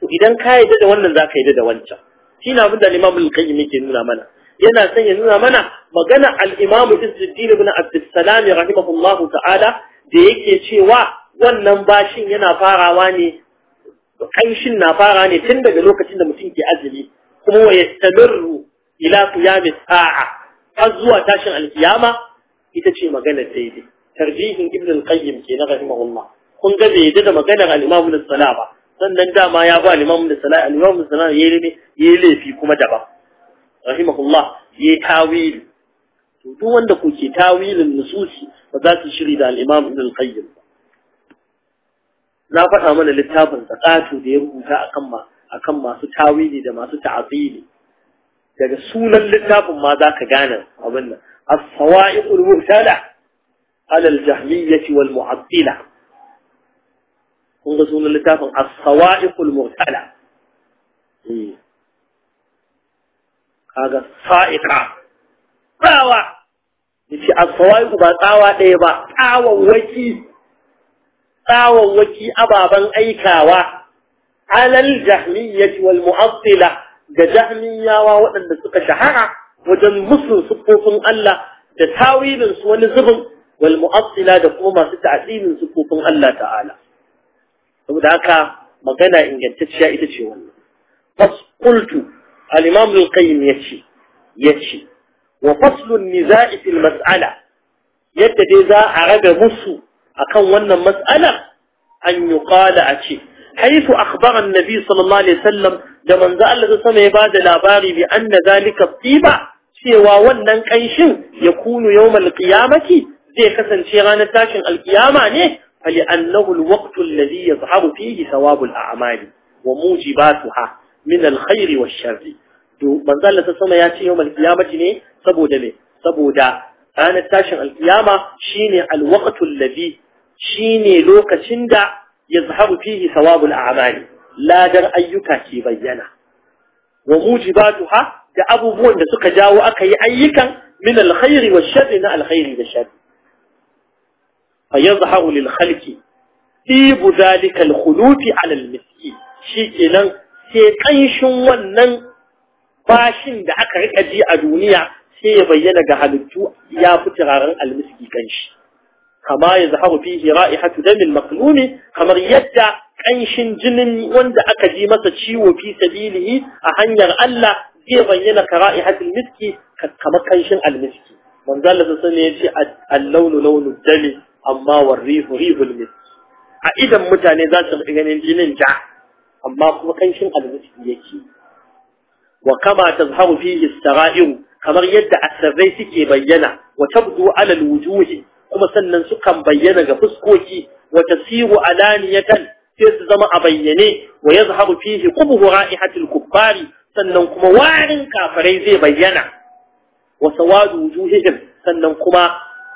to idan ka yadda da wannan zaka yadda da wancan shine abin da Imam al-Qayyim yake nuna mana yana son ya nuna mana magana al-Imam Izzuddin ibn Abdus Salam rahimahullahu ta'ala da yake cewa wannan bashin yana farawa ne kanshin na fara ne tun daga lokacin da mutum ke azumi kuma wa yastamiru ila qiyami sa'a har zuwa tashin alkiyama ita ce magana daidai tarjihin ibn al-qayyim ke na rahimahullah kun ga bai yadda da maganar al-imam ibn ba sannan dama ya ba al-imam ibn salah al-imam ibn salah yayi ne yayi laifi kuma daban rahimahullah yayi to duk wanda kuke tawilin nususi ba za su shiri da al-imam al-qayyim na faɗa mana littafin tsakatu da ya rubuta akan ma akan masu tawili da masu ta'zili daga sunan littafin ma zaka gane abin nan as sawaiqul al ala al-jahmiyyah wal mu'attila kunga sunan littafin as sawaiqul al kaga sa'iqa tsawa yace as-sawa'iq ba tsawa ɗaya ba tsawon waki tsawawwaki ababen aikawa alal jahmiyyati wal mu'attila ga jahmiyawa waɗanda suka shahara wajen musu sufofin Allah da tawilin su wani zubin wal mu'attila da kuma masu ta'asilin sufofin Allah ta'ala saboda haka magana ingantacciya ita ce wannan fasqultu al-imam al-qayyim yace yace wa faslun niza'i fil mas'ala yadda dai za a raga musu akan wannan mas'ala an yi kala a ce haifu akhbaran nabi sallallahu alaihi wasallam da manzo Allah sama ya da labari bi anna zalika tiba cewa wannan kanshin ya kunu yawmal qiyamati zai kasance ranar tashin alkiyama ne fali annahu alwaqtu alladhi yazhabu fihi thawabu a'mali wa mujibatuha min alkhairi wash-sharri to manzo Allah sama ya ce yawmal qiyamati ne saboda ne saboda ranar tashin alkiyama shine alwaqtu alladhi شيني لوك شندع يظهر فيه ثواب الأعمال لا در أيك تبينه وموجباتها كأبو بوان دسك جاو أكي أيك من الخير والشر نا الخير والشر فيظهر للخلق تيب ذلك الخلوط على المسي شيكي لن سيقنشن ونن باشن دعك رئجي أدونيا سيبينك هذا التوء يا فتغارا المسكي كنشي كما يظهر فيه رائحة دم المقلوم كما يدع قيش جن وند أكديمة تشيو في سبيله أحن يغألا دي ضينك رائحة المسك كما قيش المسك من ذلك السنة يجي اللون لون الدم أما والريف ريف المسك أئذا متعني ذات الإغن الجن أما كما قيش المسك يكي وكما تظهر فيه السرائر كما يدع السرائر كي وتبدو على الوجوه kuma sannan su kan bayyana ga fuskoki wata siwu alaniyatan sai su zama a bayyane wa yazhabu fihi qubhu ra'ihatil kuffari sannan kuma warin kafirai zai bayyana wa sawadu wujuhihim sannan kuma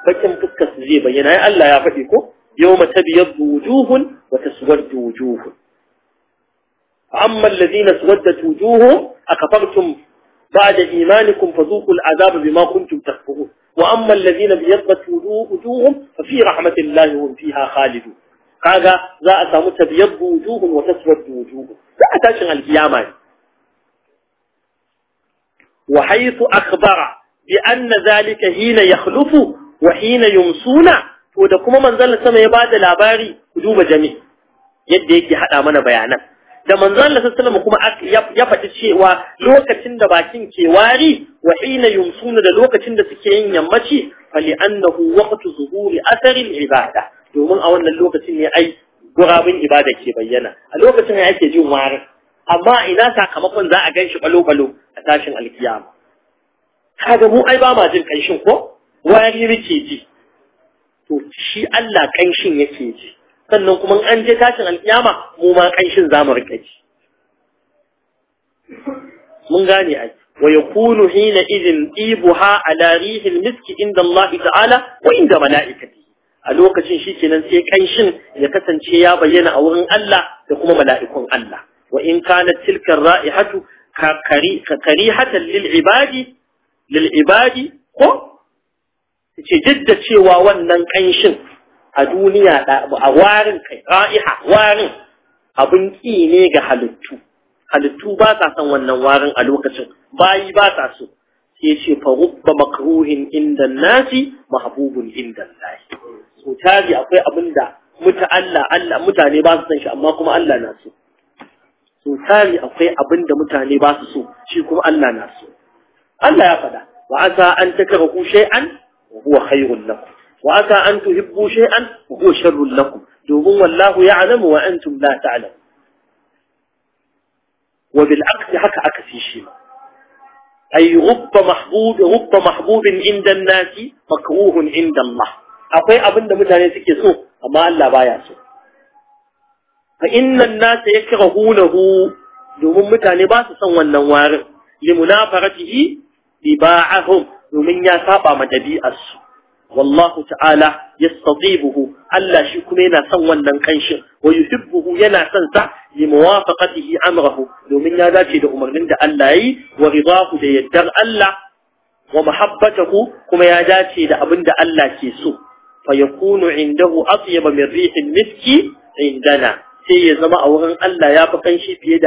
bakin fuska su zai bayyana ai Allah ya faɗi ko yawma tabyaddu wujuhun wa taswaddu wujuhun amma alladhina tawaddat wujuhuhum akafartum ba'da imanikum fadhuqul azaba bima kuntum takfurun وأما الذين بيضت وجوههم ففي رحمة الله هم فيها خالدون هذا ذا أسامو تبيض وجوههم وتسود وجوههم لا أتاشن القيامة وحيث أخبر بأن ذلك حين يخلف وحين يمسون ودكما من ظل السماء بعد الأباري وجوب جميع يديك حتى من بيانات da manzo Allah sallallahu kuma ya faɗi cewa lokacin da bakin ke wari wa hina yumsuna da lokacin da suke yin yammaci fali annahu waqtu zuhuri asarin ibada domin a wannan lokacin ne ai gurabin ibada ke bayyana a lokacin ne ake jin wari amma ina sakamakon za a ganshi balo balo a tashin alkiyama kaga mu ai ba ma jin kanshin ko wari rike ji to shi Allah kanshin yake ji sannan kuma an je tashin alkiyama mu ma kanshin zamu rike ji mun gane ai wa yakunu hina idin ibuha ala rihil miski inda Allah ta'ala wa inda mala'ikati a lokacin shikenan sai kanshin ya kasance ya bayyana a wurin Allah da kuma mala'ikun Allah wa in kanat tilka ra'ihatu karihatan lil ibadi lil ibadi ko ce jidda cewa wannan kanshin a duniya a warin kai ra'iha warin abin ƙi ne ga halittu halittu ba sa son wannan warin a lokacin bayi ba sa so ke ce fa rubba makruhin inda nasi mahbubun inda lahi so tari akwai abin muta Allah Allah mutane ba su san shi amma kuma Allah na so so tari akwai abinda da mutane ba su so shi kuma Allah na so Allah ya faɗa wa asa an ku shay'an wa huwa khayrun lakum وأتى أن تحبوا شيئا وهو شر لكم دومون والله يعلم وأنتم لا تعلم وبالعكس حكى عكسي شيء أي غب محبوب غب محبوب عند الناس مكروه عند الله أقوي أبن متاني سكي سوء أما الله بايا سوء فإن الناس يكرهونه دومون متاني باس سوى النوار لمنافرته بباعهم ومن يسابع مجبيئ السوء والله تعالى يستطيبه ألا شكمينا سوى ننقنش ويحبه ينا سنسع لموافقته أمره لمن يداتي لأمر من ألا ورضاه ليدر ألا ومحبته كما يداتي لأبن ألا كيسو فيكون عنده أطيب من ريح المسك عندنا سي زماء ورن ألا يابقنش بيد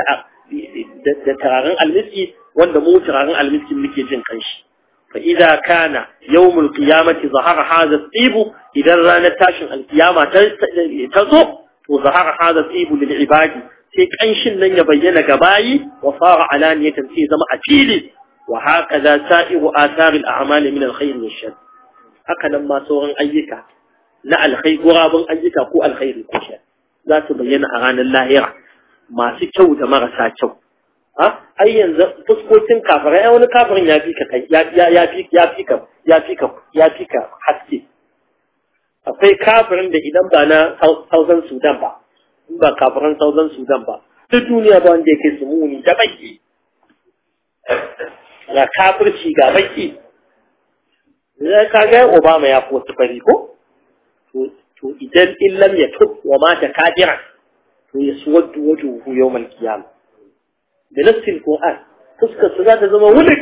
da tararen almiski wanda mu tararen almiskin muke jin kanshi فإذا كان يوم القيامة ظهر هذا الطيب إذا رانت تاشن القيامة تزق وظهر هذا الطيب للعباد في كنشن لن يبين قبائي وصار علانية في زمع تيلي وهكذا سائر آثار الأعمال من الخير والشر أكنا ما سورا أيكا لا الخير قرابا أيكا قو الخير والشر لا تبين أغاني الله ما سيكو دمغ ساكو ha ai yanzu fuskokin kafirai ai wani kafirin ya fi ka ya ya fi ya ya ya haske akwai kafirin da idan ba na Southern Sudan ba in ba kafarin Southern Sudan ba duk duniya ba wanda yake su muni da baki ga kafirci ga baki zai kaga Obama ya fi wasu fari ko to idan illam ya tub wa mata kafiran to ya suwaddu yau yawmal qiyamah بنفس القرآن تسكى الصلاة زمان ولد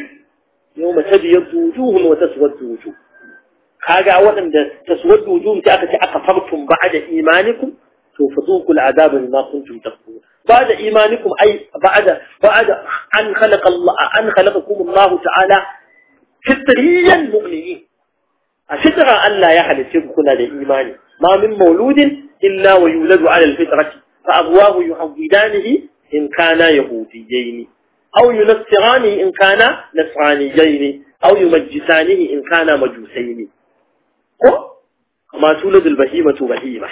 يوم تبيض وجوه وتسود وجوه خاجع وان تسود وجوه تأكد أكفرتم بعد إيمانكم سوف فذوق العذاب بما كنتم تكفرون بعد إيمانكم أي بعد بعد أن خلق الله أن خلقكم الله تعالى فطريا مؤمنين أشترى أن لا يحدث شبكنا لإيمان ما من مولود إلا ويولد على الفطرة فأبواه يعودانه in kana yahudiyaini aw yunasirani in kana nasraniyaini aw yumajjisanihi in kana majusaini ko kama bahima bahimatu bahima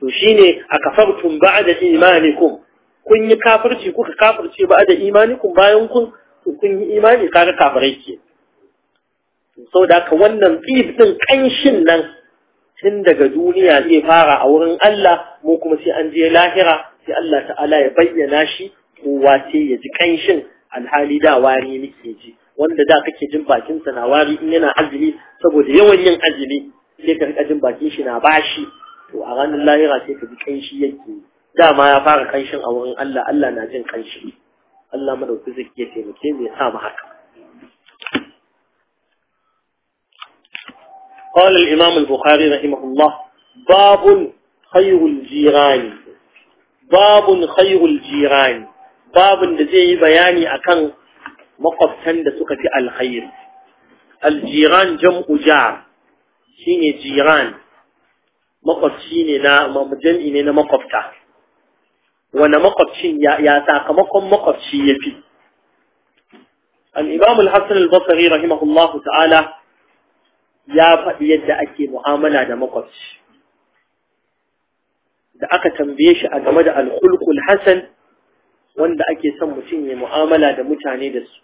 to shine akafartum ba'da imanikum kun yi kafirci kuka kafirce ba'da imanikum bayan kun kun yi imani kaga kafirai ke so da ka wannan tsib din kanshin nan tun daga duniya zai fara a wurin Allah mu kuma sai an je lahira sai Allah ta'ala ya bayyana shi kowa sai ya ji kanshin alhali da wari nake ji wanda da kake jin bakin na wari in yana azumi saboda yawan yin azumi sai ka rika jin bakin shi na bashi to a ranar lahira sai ka ji kanshi yake dama ya fara kanshin a wurin Allah Allah na jin kanshi Allah madauki zai ya taimake mu ya sa mu haka قال الإمام البخاري رحمه الله باب خير الجيران babun khairul jirani babun da zai yi bayani akan makwabtan da suka fi alkhairi aljiran jam'u jar shine jiran makwabci ne na jam'i ne na makwabta Wani makwabcin ya sakamakon makwabci ya fi al'imam al-hassan al-basari rahimahullahu ta'ala ya faɗi yadda ake mu'amala da makwabci da aka tambaye shi a game da al-khulqul hasan wanda ake son mutum ya mu'amala da mutane da su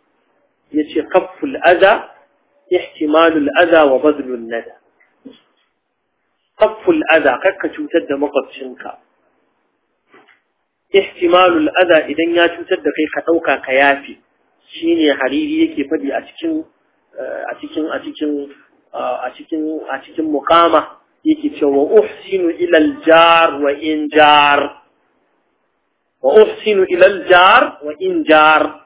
yace qaful adha ihtimalul adha wa badlun nada qaful adha kakka cutar da makwabcinka ihtimalul adha idan ya cutar da kai ka dauka ka yafi shine hariri yake fadi a cikin a cikin a cikin a cikin a cikin muqama yake cewa uhsinu ila al-jar wa in jar wa uhsinu ila al-jar wa in jar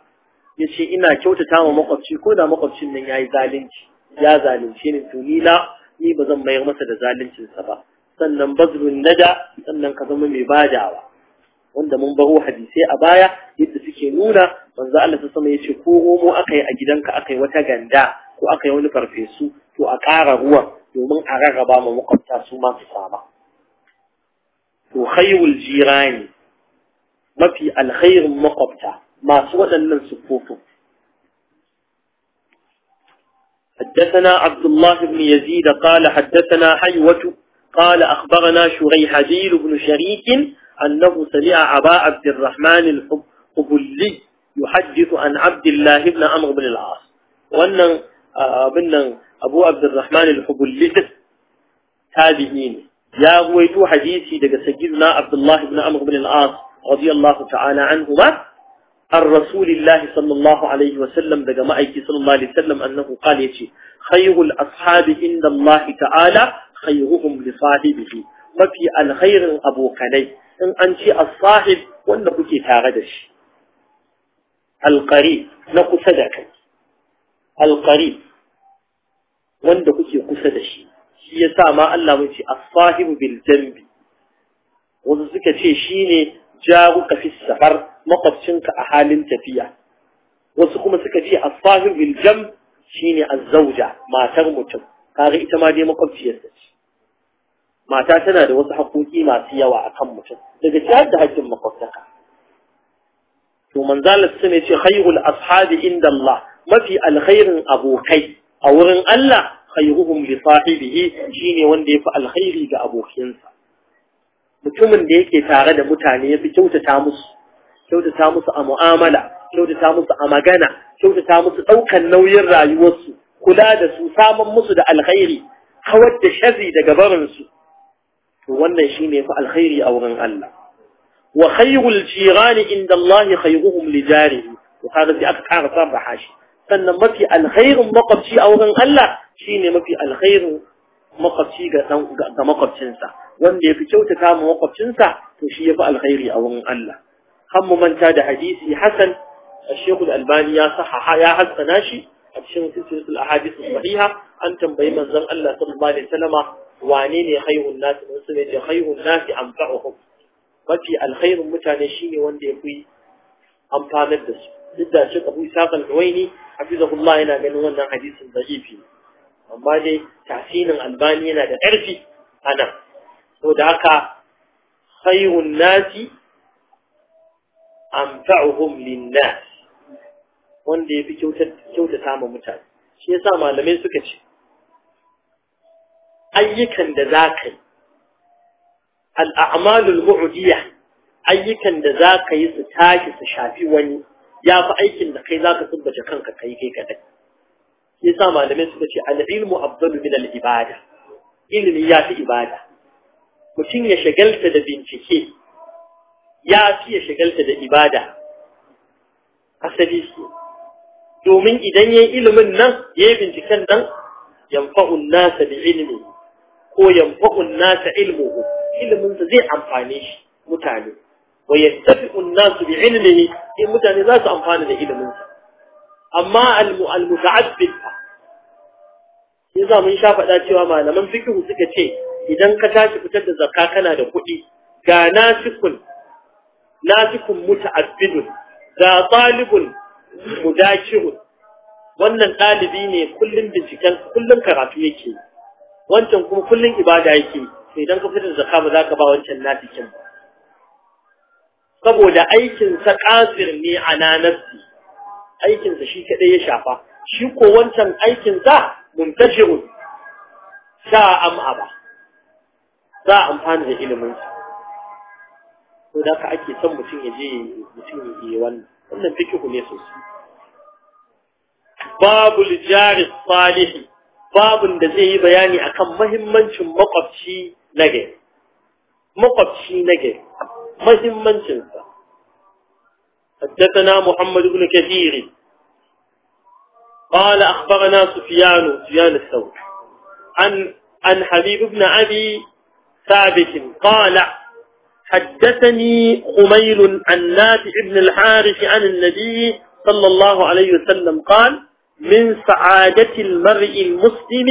yace ina kyautata wa makwabci ko da makwabcin nan yayi zalunci ya zalunce ni to ni la ni ba zan masa da zaluncin ba sannan bazrun nada sannan ka zama mai bajawa wanda mun baro hadisi a baya yadda suke nuna manzo Allah ta sama yace ko homo akai a gidanka akai wata ganda ko akai wani farfesu to a ƙara ruwa domin a rarraba ma makwabta su ma su sama to khayrul jirani mafi alkhairin makwabta masu waɗannan siffofin حدثنا عبد الله بن يزيد قال حدثنا حيوة قال أخبرنا شريحجيل بن شريك أنه سمع عبا عبد الرحمن الحبلي يحدث عن عبد الله بن عمرو بن العاص وأن abinnan abu abdurrahman al-hubullis tabi'i ne ya ruwaito hadisi daga sayyidina Abdullah ibn amr ibn al-as radiyallahu ta'ala anhu anhuma ar rasulillahi sallallahu alayhi wa sallam daga ma'aiki sallallahu alayhi wa sallam annahu qala yace khayrul ashabi inda Allah ta'ala khayruhum li sahibihi wa fi mafi alkhairin abokanai in an ce as-sahib wanda kuke tare da shi al alqari na kusa da kai القريب وند كوكي كوسا دشي شي يسا الله ماشي الصاحب بالجنب وند سكي شيني جاوك في السفر مقتشنك احال تفيا وند كوما سكي الصاحب بالجنب شيني الزوجة ما تغمت كاغي ايتما دي مقتشي ما تاتنا دي وند حقوقي ما سيوا اكم مجد لذلك تهد هجم مقتشك ومن ذلك سنة خير الأصحاب عند الله mafi alkhairin abokai a wurin Allah khairuhum li sahibihi shine wanda yafi alkhairi ga abokinsa mutumin da yake tare da mutane yafi kyautata musu kyautata musu a mu'amala kyautata musu a magana kyautata musu daukan nauyin rayuwarsu kula da su saman musu da alkhairi kawar da sharri daga barin su to wannan shine yafi alkhairi a wurin Allah wa khayrul jirani inda Allah khayruhum li jarihi to kaga aka ƙara sarrafa shi sannan mafi alkhairin makwabci a wurin Allah shine ne mafi alkhairin makwabci ga makwabcinsa wanda ya fi kyautata ma makwabcinsa to shi ya fi alkhairi a wurin Allah kan mu manta da hadisi hasan shekul albani ya sahaha ya haskana shi a cikin sisirtul ahadisu sahiha an tambayi manzon Allah sallallahu salama, wasallama wane ne khairun nasi mun sune ce khairun nasi amfa'uhum mafi alkhairin mutane shine wanda ya fi amfanar da su duk da shi kabu isa al-huwaini hafizahullah yana ganin wannan hadisin da'ifi amma dai tasinin albani yana da ƙarfi ana so da haka khayrun nasi amfa'uhum lin-nas wanda yafi kyautata ma mutane shi yasa malamai suka ce ayyukan da za ka yi al'amalul mu'udiyya ayyukan da za ka yi su tashi su shafi wani ya fi aikin da kai zaka tabbata kanka kai kai kadai yasa malamai suka ce al-ilmu afdalu min al-ibada ilimi ya fi ibada mutum ya shagalta da bincike ya fi ya shagalta da ibada asali domin idan yayi ilimin nan yayi binciken nan yanfa'un nasa bi ilmi ko yanfa'un nasa ilmuhu ilimin sa zai amfane shi mutane ويتفق الناس بعلمه في متعني ذات أنفان منك أما المتعبد إذا من شاف ذاتي وما لمن فكه سكتي إذا كتاتي فتد زكاكنا لقئي جا ناسك ناسك متعبد جا طالب مجاشر وانا ɗalibi كل kullum كل kullum وانتم كل wancan kuma kullum ibada زكاة sai idan ناسك saboda aikinsa kafir ne a nanasti aikinsa shi kaɗai ya shafa shi ko wancan aikinsa muntajirun za a am'a ba za a amfani da iliminsa to da ka ake son mutum ya je mutum ya yi wannan wannan fikihu ne sosai babu jari salihi babun da zai yi bayani akan mahimmancin makwabci na gari makwabci na gari mahimmancinsa حدثنا محمد بن كثير قال أخبرنا سفيان سفيان الثور عن عن حبيب بن أبي ثابت قال حدثني خميل عن نافع بن الحارث عن النبي صلى الله عليه وسلم قال من سعادة المرء المسلم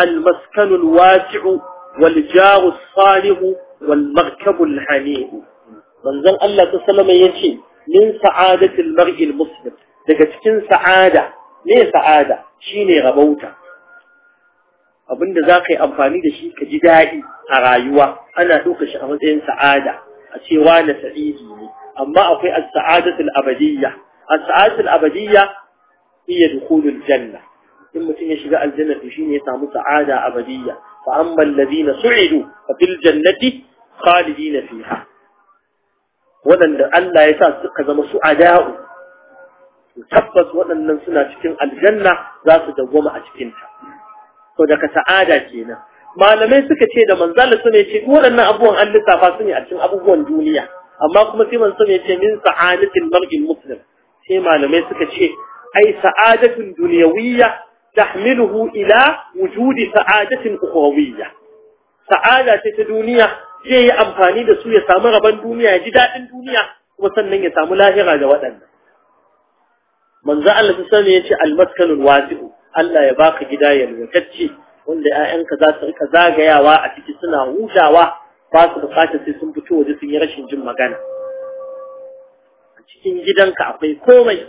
المسكن الواسع والجار الصالح والمركب الحميد من ذن الله تسلم ينشي من سعادة المرء المسلم لكتكين سعادة ليه سعادة شيني غبوتا أبن ذاقي أبغاني دشي كجدائي أرايوة أنا توقش أمدين سعادة أسيوان سعيدي أما أخي السعادة الأبدية السعادة الأبدية هي دخول الجنة ثم تنشي بقى الجنة شيني تعمل سعادة أبدية فأما الذين سعدوا ففي الجنة khalidina fiha waɗanda Allah ya sa suka zama su ada'u tabbas waɗannan suna cikin aljanna za su dawwama a ta. to daga sa'ada kenan malamai suka ce da manzala su a ce waɗannan abubuwan an lissafa su ne a cikin abubuwan duniya amma kuma sai manzo ne ce min sa'adatin mar'in muslim sai malamai suka ce ai sa'adatun duniyawiyya tahmiluhu ila wujudi sa'adatin ukhrawiyya sa'ada ce ta duniya zai yi amfani da su ya samu rabon duniya ya ji daɗin duniya kuma sannan ya samu lahira da waɗannan manzo Allah ta sani yace almaskanul wasi'u Allah ya baka gida ya yalwatacce wanda 'ya'yanka za su rika zagayawa a ciki suna hutawa ba su bukatar sai sun fito waje sun yi rashin jin magana a cikin gidanka akwai komai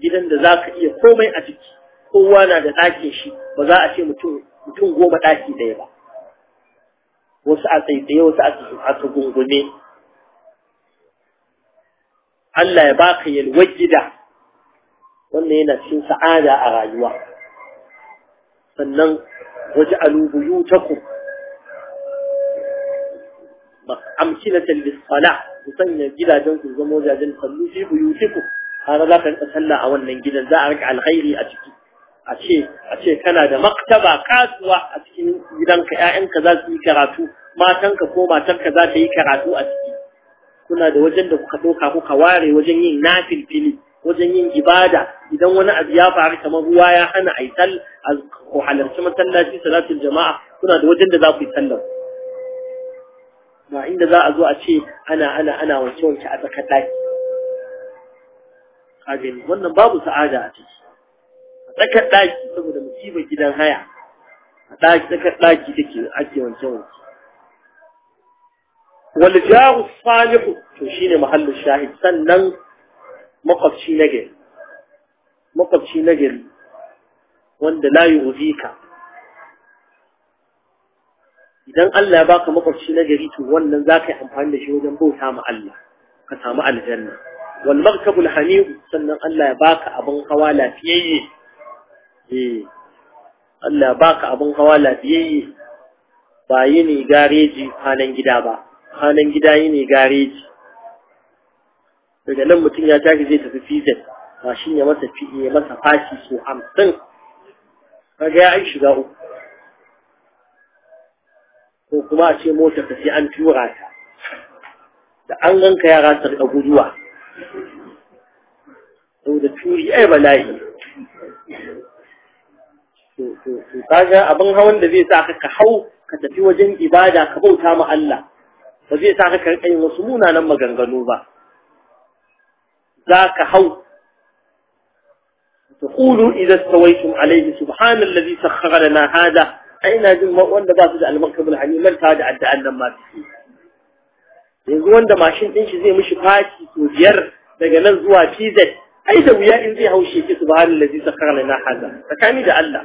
gidan da za ka iya komai a ciki kowa na da ɗakin shi ba za a ce mutum mutum goma ɗaki ɗaya ba wasu a tsaitsaye wasu a gungume. Allah ya baka yin gida wannan yana cikin sa'ada a rayuwa sannan waje Ba ta ku na lissala ku sanya gidajen ku zama wajajen sallu fi buyutiku har za ka rika sallah a wannan gidan za a rika alkhairi a ciki a ce a ce kana da maktaba kasuwa a cikin gidanka 'ya'yanka za su yi karatu matanka ko matarka za ta yi karatu a ciki kuna da wajen da kuka ɗauka kuka ware wajen yin nafilfili wajen yin ibada idan wani abu ya faru kamar ruwa ya hana a yi a halarci masallaci salatul jama'a kuna da wajen da za ku yi sallar ba inda za a zo a ce ana ana ana wanke wanke a tsakatai ɗaki wannan babu sa'ada a ciki tsakar ɗaki saboda musibar gidan haya a ɗaki tsakar ɗaki take ake wanke wanke wal jaru salihu to shine mahallin shahid sannan makwabci na gari makwabci na gari wanda la yu'zika idan Allah ya baka makwabci na gari to wannan za ka yi amfani da shi wajen bauta ma Allah ka samu aljanna wal maghkabul hamid sannan Allah ya baka abin hawa lafiyayye eh Allah baka abin hawa lafiyayye ba yi ne gareji kwanan gida ba kwanan gida yi ne gareji daga nan mutum ya tafi zai tafi fizin shi ya masa fiye masa fashi so hamsin kaga ya ai shiga uku ko kuma a ce mota ka sai an tura ta da an ganka yara su rika guduwa da turi ai bala'i to kaga abin hawan da zai sa ka ka hau ka tafi wajen ibada ka bauta ma Allah ba zai sa ka karka yin wasu munanan maganganu ba zaka hau تقولوا إذا استويتم عليه سبحان الذي سخر لنا هذا أين ذي المؤمن ذا في المركب الحميم من تاج عد عنا ما فيه يقولون ده ماشين تنش زي مش فاتي تدير بجنا زوا فيزة أي دويا إن ذي هو شيء سبحان الذي سخر لنا هذا فكان إذا الله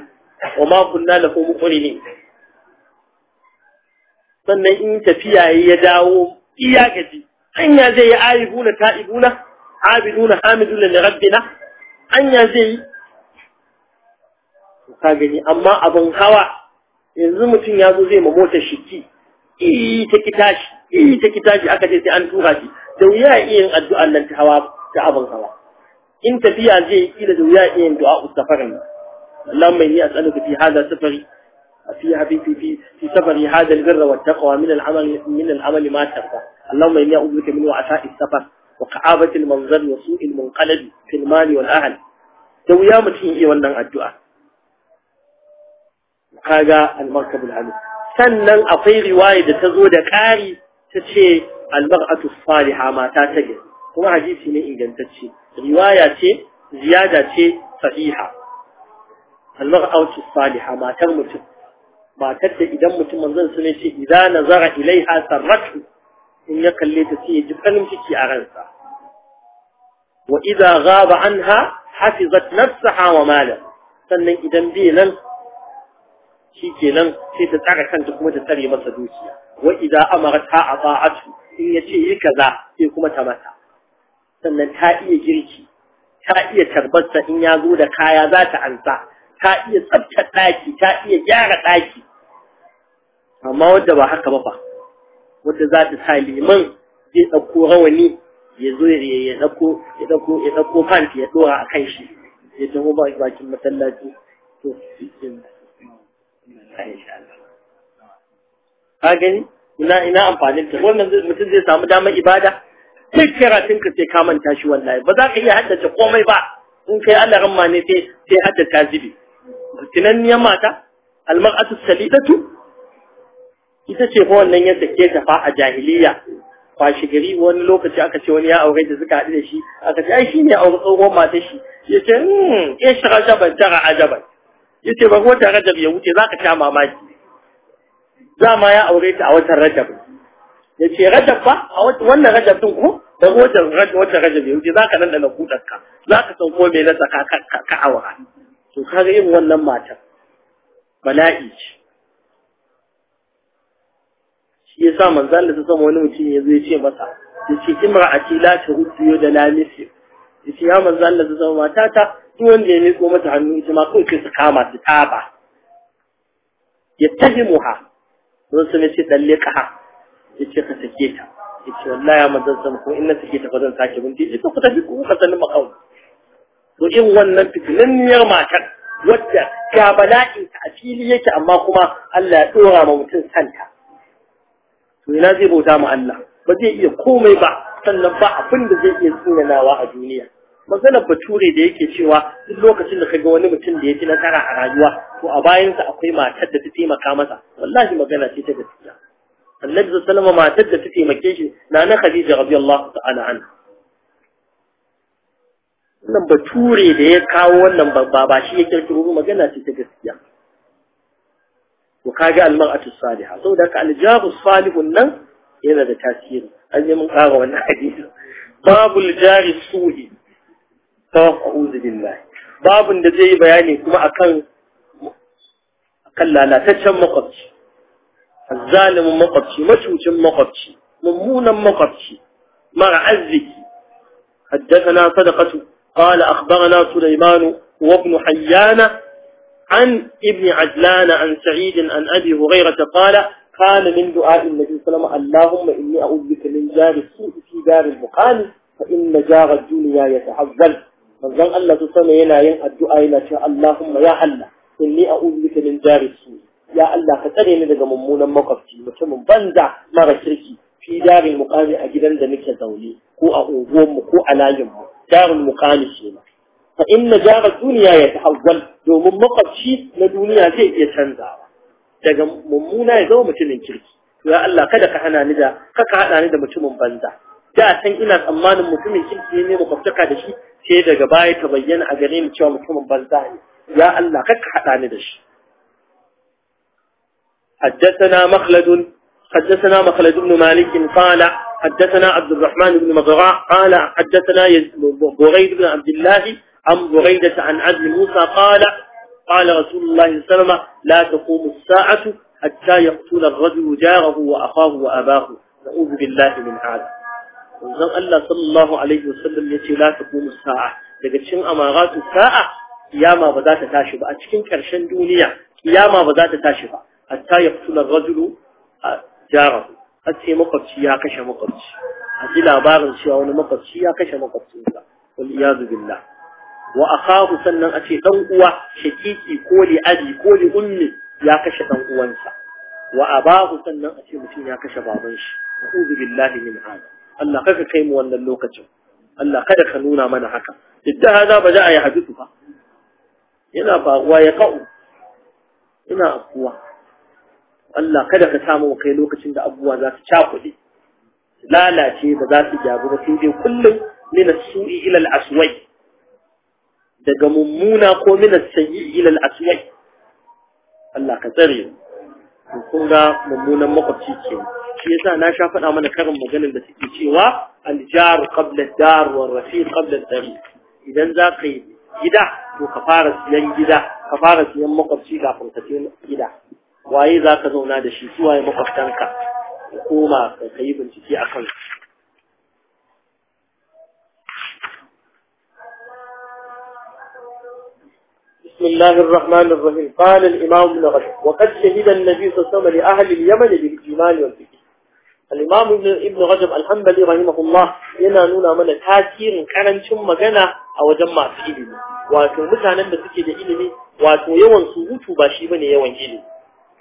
wa da kunna lahu muqrinin sannan in tafiya ya dawo iya gaji anya zai yi aibuna ta'ibuna abiduna hamidun li rabbina anya zai yi ka gani amma abin hawa yanzu mutum ya zo zai ma motar shiki ii ta kitashi ii ta kitashi aka ce sai an tura shi da wuya iya yin addu'an nan ta hawa ta abin hawa in tafiya zai yi kila da wuya iya yin du'a ustafarin nan اللهم اني اسالك في هذا سفري في في في في, في سفري هذا البر والتقوى من العمل من العمل ما ترضى اللهم إني أعوذ بك من وعثاء السفر وقعابة المنظر وسوء المنقلب في المال والأهل تو يا متين إيه ونن الدعاء هذا المركب العلو سنن أطير وايد تزود كاري تشي المرأة الصالحة ما تاتجه وما عجيب سنين إيجان رواية تشي زيادة تشي صحيحة المرأة الصالحة ما تغمت ما كتب إذا متم منزل سنة إذا نظر إليها سرته إن يقليت سيه جبقل مشكي أغنسا وإذا غاب عنها حفظت نفسها ومالا سنة إذا مبيلا شيكي لن شيء تتعرف أن تقوم تتري مصدوشيا وإذا أمرتها أطاعته إن يشيه كذا يقوم تمتع سنة تائية جريكي تائية تربصة إن يقول كايا ذات أنسا ta iya tsaftar ɗaki ta iya gyara ɗaki amma wadda ba haka ba fa wadda za ta sa liman zai ɗauko rawani ya zo ya ɗauko ya ɗauko ya ɗauko fanti ya ɗora a kan shi ya taho ba bakin masallaci to ka gani ina ina amfani ta wannan mutum zai samu damar ibada sai tun ka sai ka manta shi wallahi ba za ka iya haddace komai ba in kai Allah ramma ne sai sai haddace zibi butinanniyar mata almar'atu salidatu ita ce ko wannan ya sake ta fa a jahiliya kwashi gari wani lokaci aka ce wani ya aure da suka haɗu da shi aka ce ai shi ne aure tsohon mata shi ya ce hmm ya shara jaban tara ajaban ya ce ba wata rajab ya wuce za ka sha mamaki za ma ya aure ta a watan rajab ya ce rajab ba a wannan rajab din ko da wata rajab ya wuce za ka nan da na ka, za ka san na saka ka aura to kaga irin wannan mata bala'i ce shi yasa manzo Allah ta sama wani mutum ya zo ya ce masa yace imra'ati la tahuddu da la misi yace ya manzo Allah ta mata matata duk wanda ya miƙo mata hannu ita ma kawai su kama su taba yattahimuha don su ne ce dalle kaha yace ka sake ta ce wallahi ya manzo sama ko in na sake ta ba zan sake bin ita ku tafi ku ka sanin makawai to wannan fitinanniyar matar wadda ga bala'in ta a fili yake amma kuma Allah ya dora ma mutum santa to ina zai bauta ma Allah ba zai iya komai ba sannan ba abin da zai iya tsinanawa a duniya maganar bature da yake cewa duk lokacin da ka ga wani mutum da ya ci nasara a rayuwa to a bayansa akwai matar da ta taimaka masa wallahi magana ce ta gaskiya annabi sallallahu alaihi wasallam matar da ta taimake shi na na khadija radiyallahu ta'ala anha wannan bature da ya kawo wannan babba ba shi ya kirkiro magana ce ta gaskiya to kage almar'atu salihah saboda ka aljabu salihun nan yana da tasiri an yi mun ƙara wannan hadisi babul jari suhi ta a'udhu billahi babun da zai yi bayani kuma akan akan lalataccen makwabci zalimin makwabci macucin makwabci mummunan makwabci mara arziki حدثنا sadakatu قال أخبرنا سليمان وابن حيان عن ابن عجلان عن سعيد عن أبي هريرة قال كان من دعاء النبي صلى الله عليه وسلم اللهم إني أعوذ بك من جار السوء في دار المقام فإن جار الدنيا يتعذل من ظن أن الله سمع ينعين الدعاء شاء اللهم يا الله إني أعوذ بك من جار السوء يا الله فتري من دقم من موقف في مكان من بندع ما رشركي fi daril muqami a gidan da muke zaune ko a unguwar mu ko a layin mu darul muqami kenan fa inna jarar duniya ya tahawwal domin makwabci na duniya zai iya canzawa daga mummuna ya zama mutumin kirki to ya Allah kada ka hana ni da ka hada ni da mutumin banza da san ina tsammanin mutumin kirki ne makwabtaka da shi sai daga baya ta bayyana a gare ni cewa mutumin banza ne ya Allah ka hada ni da shi حدثنا مخلد حدثنا مخلد بن مالك قال حدثنا عبد الرحمن بن مضراء قال حدثنا بغيد بن عبد الله عن بغيدة عن عدل موسى قال قال رسول الله صلى الله عليه وسلم لا تقوم الساعة حتى يقتل الرجل جاره وأخاه وأباه نعوذ بالله من هذا wanzan Allah صلى الله عليه وسلم يتي لا تقوم الساعة لقد cikin amaratu الساعة kiyama ba za ta tashi ba a cikin karshen duniya kiyama ba جاره أتي مقدسي يا كش مقدسي أتي لا بارن شاون مقدسي يا كش مقدسي لا والإياذ بالله وأخاه سنن أتي تنقوى شكيتي كولي أدي كولي أني يا كش تنقوانسا وأباه سنن أتي متين يا كش بابنش أعوذ بالله من هذا ألا قف قيم وأن اللوكة ألا قد خنونا من حكا إدى هذا بجاء يحدثها هنا فأغوى يقعوا هنا أقوى Allah kada ka samu kai lokacin da abubuwa za su cakuɗe lalace ba za su gyaru ba sai dai kullum min as-su'i ila al-aswai daga mummuna ko min as-sayyi ila al-aswai Allah ka tsare mu kun ga mummunan makwabci ke shi yasa na sha faɗa mana karin maganar da take cewa al-jar qabla ad-dar wa rafiq qabla ad idan za ka yi gida to ka fara siyan gida ka fara siyan makwabci kafin ka gida waye za ka zauna da shi su waye makwabtanka ka koma ka yi bincike a kan بسم الله الرحمن الرحيم قال الإمام ابن رجب وقد شهد النبي صلى الله عليه وسلم لأهل اليمن بالإيمان والفكر الإمام ابن رجب الحنبلي رحمه الله ينانونا من تاثير كرنشم مغنى أو جمع في إلمي wato mutanen da suke da ilimi wato yawan surutu ba shi bane yawan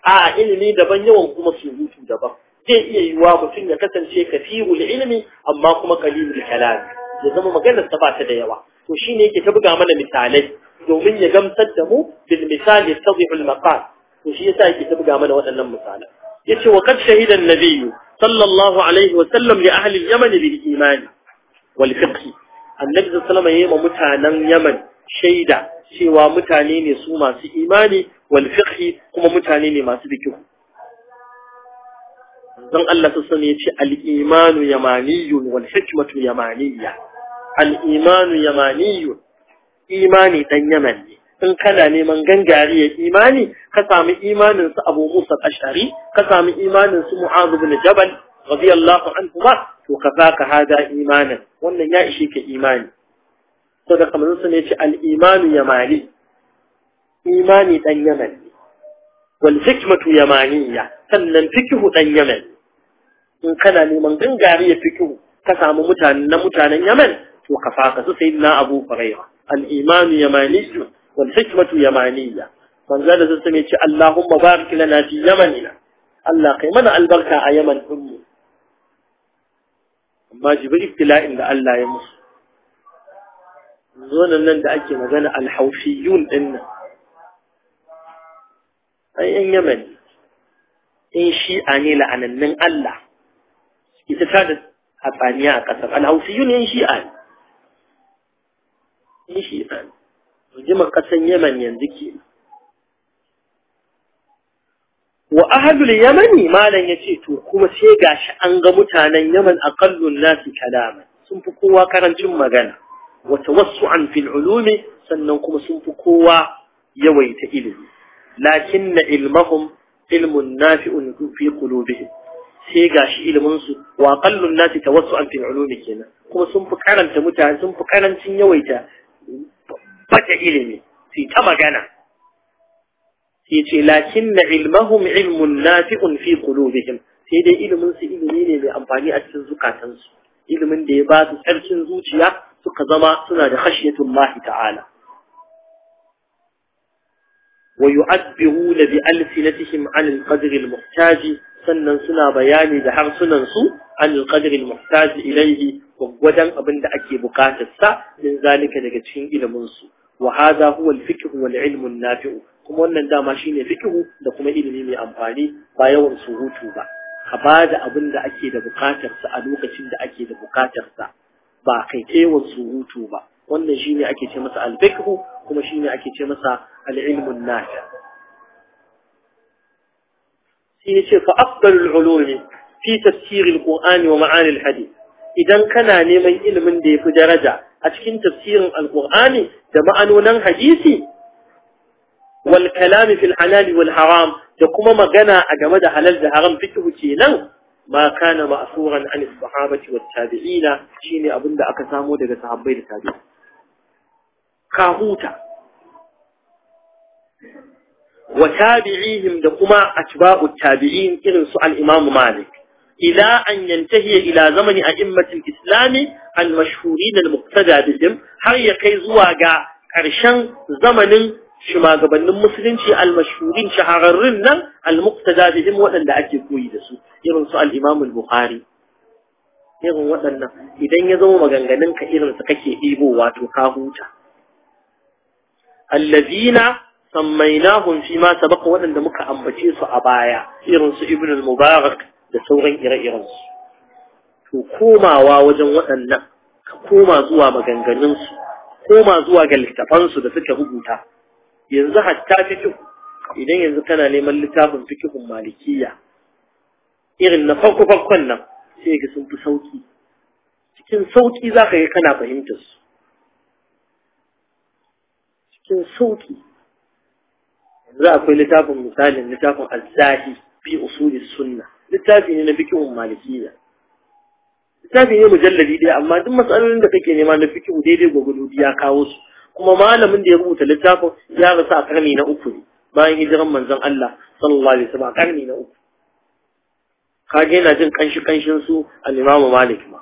a ilimi daban yawan kuma surutu daban zai iya yiwa mutum ya kasance kafirul ilimi amma kuma kalilul kalam ya zama maganar sa ba ta da yawa to shine yake ta buga mana misalai domin ya gamsar da mu bil misali tadhihul maqal to shi yasa yake ta buga mana waɗannan misalan yace wa qad shahida an-nabiy sallallahu alaihi wa sallam li ahli al-yaman bil iman wal fiqh annabi sallallahu alaihi wa sallam mutanen yaman shaida cewa mutane ne su masu imani wal kuma mutane ne masu fiqh Zan Allah ta sani yace al yamaniyun wal yamaniya. yamaniyya yamaniyun imani dan yaman ne in kana neman gangariyar imani ka sami imanin su Abu Musa Ash'ari ka sami imanin su Mu'adh ibn Jabal radiyallahu anhu ma to ka saka hada imanin wannan ya ishe ka imani saboda kamar sun yace al imanu yamani إيماني دن يمن والحكمة يمانية سنن فكه دن يمن إن كان لمن دنقاري فكه كسام متانا متانا يمن وقفاق سيدنا أبو فريرة الإيمان يماني والحكمة يمانية من زاد سسميك اللهم بارك لنا في يمننا الله قيمنا البركة أيمن أمي ما جب ابتلاء إن الله يمس زون أن عندك مثلا الحوثيون إنه an yan yaman in shi'a ne la'anannin Allah ita ta da hatsaniya a ƙasar alhausiyun yan shi'a ne yan shi'a ne rigimar ƙasar yaman yanzu ke wa ahadul yamani malam ya ce to kuma sai ga shi an ga mutanen yaman kallon nasi kalama sun fi kowa karancin magana wata wasu fil ulumi sannan kuma sun fi kowa yawaita ilimi لكن علمهم علم نافع في قلوبهم سيغاش علمهم وأقل الناس توسعا في العلوم كنا كما سنفق علم تموتا سنفق علم تنويتا بك علمي في طبقنا لكن علمهم علم نافع في قلوبهم سيدي علمهم سيدي علمهم لأنباني أكثر زكاة علمهم ديباتهم أكثر زوجيا سكزما سنة خشية الله تعالى ويعبرون بألسنتهم عن القدر المحتاج sannan suna bayani da harsunansu an alƙadirin muhtaji ilaihi gwaggwadon abin da ake buƙatarsa min zalika daga cikin iliminsu wa hadha huwa al-fiqh wal ilm nafiu kuma wannan dama shine fiqhu da kuma ilimi mai amfani ba yawan surutu ba a bada abin da ake da buƙatarsa a lokacin da ake da buƙatarsa ba kai kewan surutu ba wannan shine ake ce masa al kuma ne ake ce masa al-ilmun nafi sai ya ce fa afdalul ulumi fi tafsir al wa ma'ani al-hadith idan kana neman ilimin da fi daraja a cikin tafsirin al da ma'anonin hadisi wal kalami fil halali wal haram da kuma magana a game da halal da haram fiqhu nan? ma kana ma'suran an as-sahabati wat tabi'ina shine abinda aka samo daga sahabbai da tabi'ina كاغوتا وتابعيهم دقما أتباع التابعين إذن سؤال إمام مالك إلى أن ينتهي إلى زمن أئمة الإسلام المشهورين المقتدى بهم هيا كيزوا قاع عرشان زمن شما قبل المسلمين المشهورين شهررن المقتدى بهم وأن لا أجب ويدسوا إذن سؤال إمام البخاري إذن وأن إذن يزوم غنغنن كإذن سكي إيبو واتو كاهوتا allazina sammainahum fi ma sabaqa waɗanda muka ambace su a baya irin su ibn al-mubarak da sauran ire-iren su to komawa wajen waɗannan ka koma zuwa maganganun su koma zuwa ga littafan su da suka rubuta yanzu hatta fiqh idan yanzu kana neman littafin fiqhun malikiya irin na farko farkon nan sai ga sun fi sauki cikin sauki zaka yi kana fahimtar su cikin sauki yanzu akwai littafin misalin littafin azzahi fi usuli sunna littafi ne na fikihun malikiya littafi ne mujalladi dai amma duk matsalolin da kake nema na fikihu daidai gwagwado ya kawo su kuma malamin da ya rubuta littafin ya rasu a karni na uku ne bayan hijiran manzon Allah sallallahu alaihi wasallam karni na uku kage yana jin kanshi kanshin su al-Imam Malik ma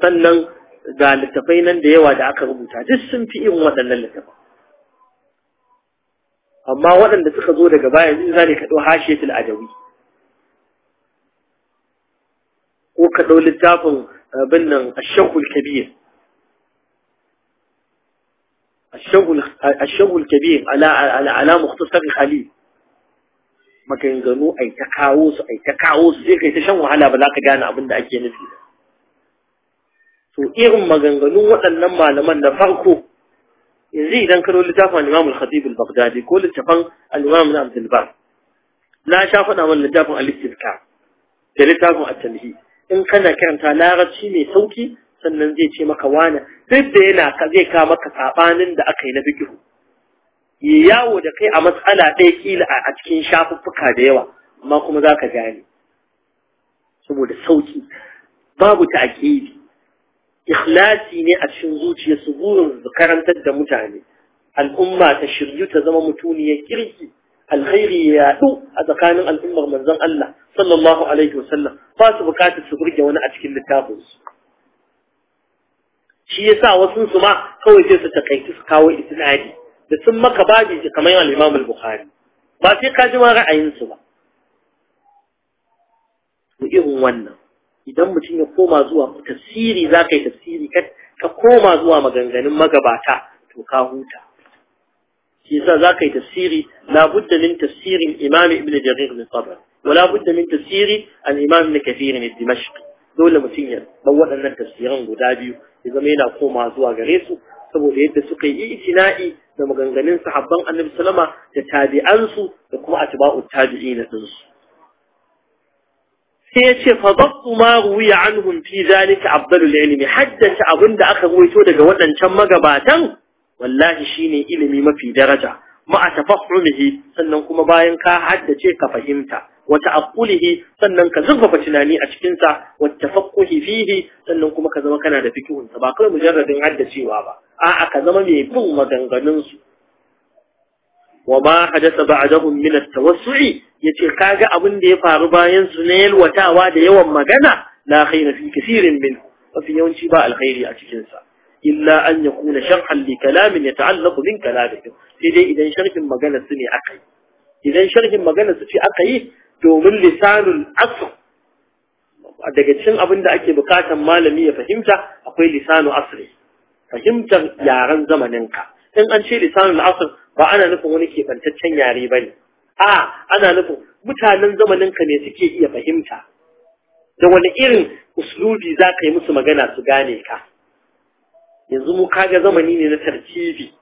sannan ga littafai nan da yawa da aka rubuta duk sun fi irin waɗannan littafai. amma waɗanda suka zo daga baya yanzu za ne ka ɗau hashiyatul ajawi ko ka ɗau littafin abin nan ashahul kabir ashahul kabir ala ala ala mukhtasar maganganu ai ta kawo su ai ta kawo su sai kai ta shan wahala ba za ka gane abin da ake nufi ba to irin maganganun waɗannan malaman na farko yanzu idan ka lura littafin al-Imam al-Khatib al-Baghdadi ko littafin al-Imam na Abdul Bar na sha faɗa mana littafin al-Istizkar da littafin at-Tanhi in kana karanta larabci mai sauki sannan zai ce maka wani duk da yana zai ka maka sabanin da aka yi na fikihu yi yawo da kai a matsala ɗaya kila a cikin shafuffuka da yawa amma kuma za ka gane saboda sauki babu ta'akidi ikhlasi ne a cikin zuciya su burin su karantar da mutane al'umma ta shiryu ta zama mutuniyar kirki alkhairi ya yadu a tsakanin al'ummar manzon Allah sallallahu alaihi wasallam ba su bukatar su burge wani a cikin littafin su shi yasa wasu su ma kawai sai su takaitu su kawo isnadi da sun maka babi kamar al-Imam al-Bukhari ba sai ka ji ra'ayin su ba to irin wannan idan mutum ya koma zuwa tafsiri za ka yi tafsiri ka koma zuwa maganganun magabata to ka huta shi yasa za ka yi tafsiri la budda min tafsirin imam ibn jarir bin sabr wa budda min tafsiri an imam ibn kathir bin dimashq dole mutum ya bar waɗannan tafsiran guda biyu ya zama yana koma zuwa gare su saboda yadda suka yi itina'i da maganganun sahabban annabi sallama da tabi'ansu da kuma atba'u tabi'ina su. sai ya ce fa ya ma ruwiya anhum fi zalika afdalul ilmi haddace abin da aka ruwaito daga waɗancan magabatan wallahi shine ilimi mafi daraja ma'a tafahumihi sannan kuma bayan ka haddace ka fahimta wa ta'aqqulihi sannan ka zurfafa tunani a cikin sa wa tafaqquhi fihi sannan kuma ka zama kana da fikihun ba kawai mujarradin haddacewa ba a'a ka zama mai bin maganganun su وما حدث بعدهم من التوسع يتكاغ أبن دي فاربا ينسنيل وتاواد يوم مغنى لا خير في كثير منه وفي يوم شباء الخير أتجنسا إلا أن يكون شرحا لكلام يتعلق من كلامك إذا إذا شرح مغنى سني أقي إذا شرح مغنى سني أقي من لسان العصر daga cikin abin da ake bukatan malami ya fahimta akwai lisanu asri fahimtar yaren zamaninka in an ce lisanu asri ba ana nufin wani keɓantaccen yare ba ne a ana nufin mutanen zamaninka ne suke iya fahimta da wani irin uslubi za ka yi musu magana su gane ka yanzu mu kaga zamani ne na tartibi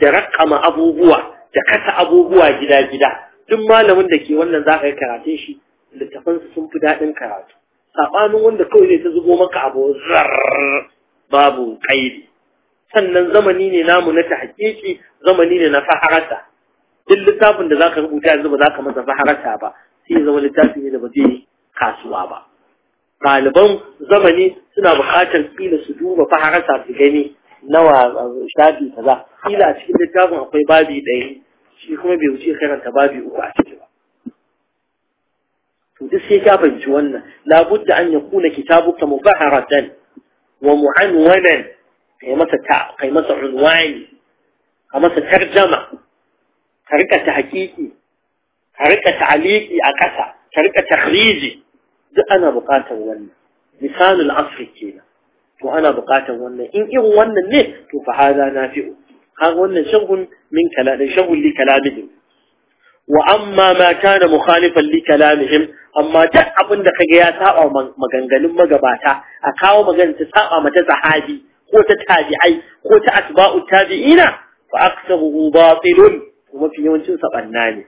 da rakama abubuwa da kasa abubuwa gida-gida duk malamin da ke wannan za ka yi karatun shi littafansu sun fi daɗin karatu saɓanin wanda kawai zai ta zubo maka abu zarr babu ƙaidi sannan zamani ne namu na tahqiqi zamani ne na faharata duk littafin da zaka rubuta yanzu ba zaka masa faharata ba sai zama littafi ne da ba zai kasuwa ba ɗaliban zamani suna buƙatar kila su duba faharata su gani nawa eh, shafi kaza kila a cikin littafin akwai babi ɗaya shi kuma bai wuce karanta babi uku a ciki ba to duk sai ka fahimci wannan labudda an kitabu kitabuka mubaharatan wa mu'anwanan قيمة تاء قيمة عنوان قيمة ترجمة طريقة تحكيكي طريقة تعليقي أكسا طريقة تخريجي ده أنا بقاتا ونا لسان العصر كينا وأنا بقاتا ونا إن إيه ونا نه توف هذا نافئ ها ونا شغل من كلام شغل لكلامهم وأما ما كان مخالفا لكلامهم أما تأبن دقيقيا ساء ومغنغن مغباتا أكاو مغن تساء ومتزحادي ko ta tabi'ai ko ta asba'u tabi'ina fa aksaruhu batilun kuma fi yawancin sa banna ne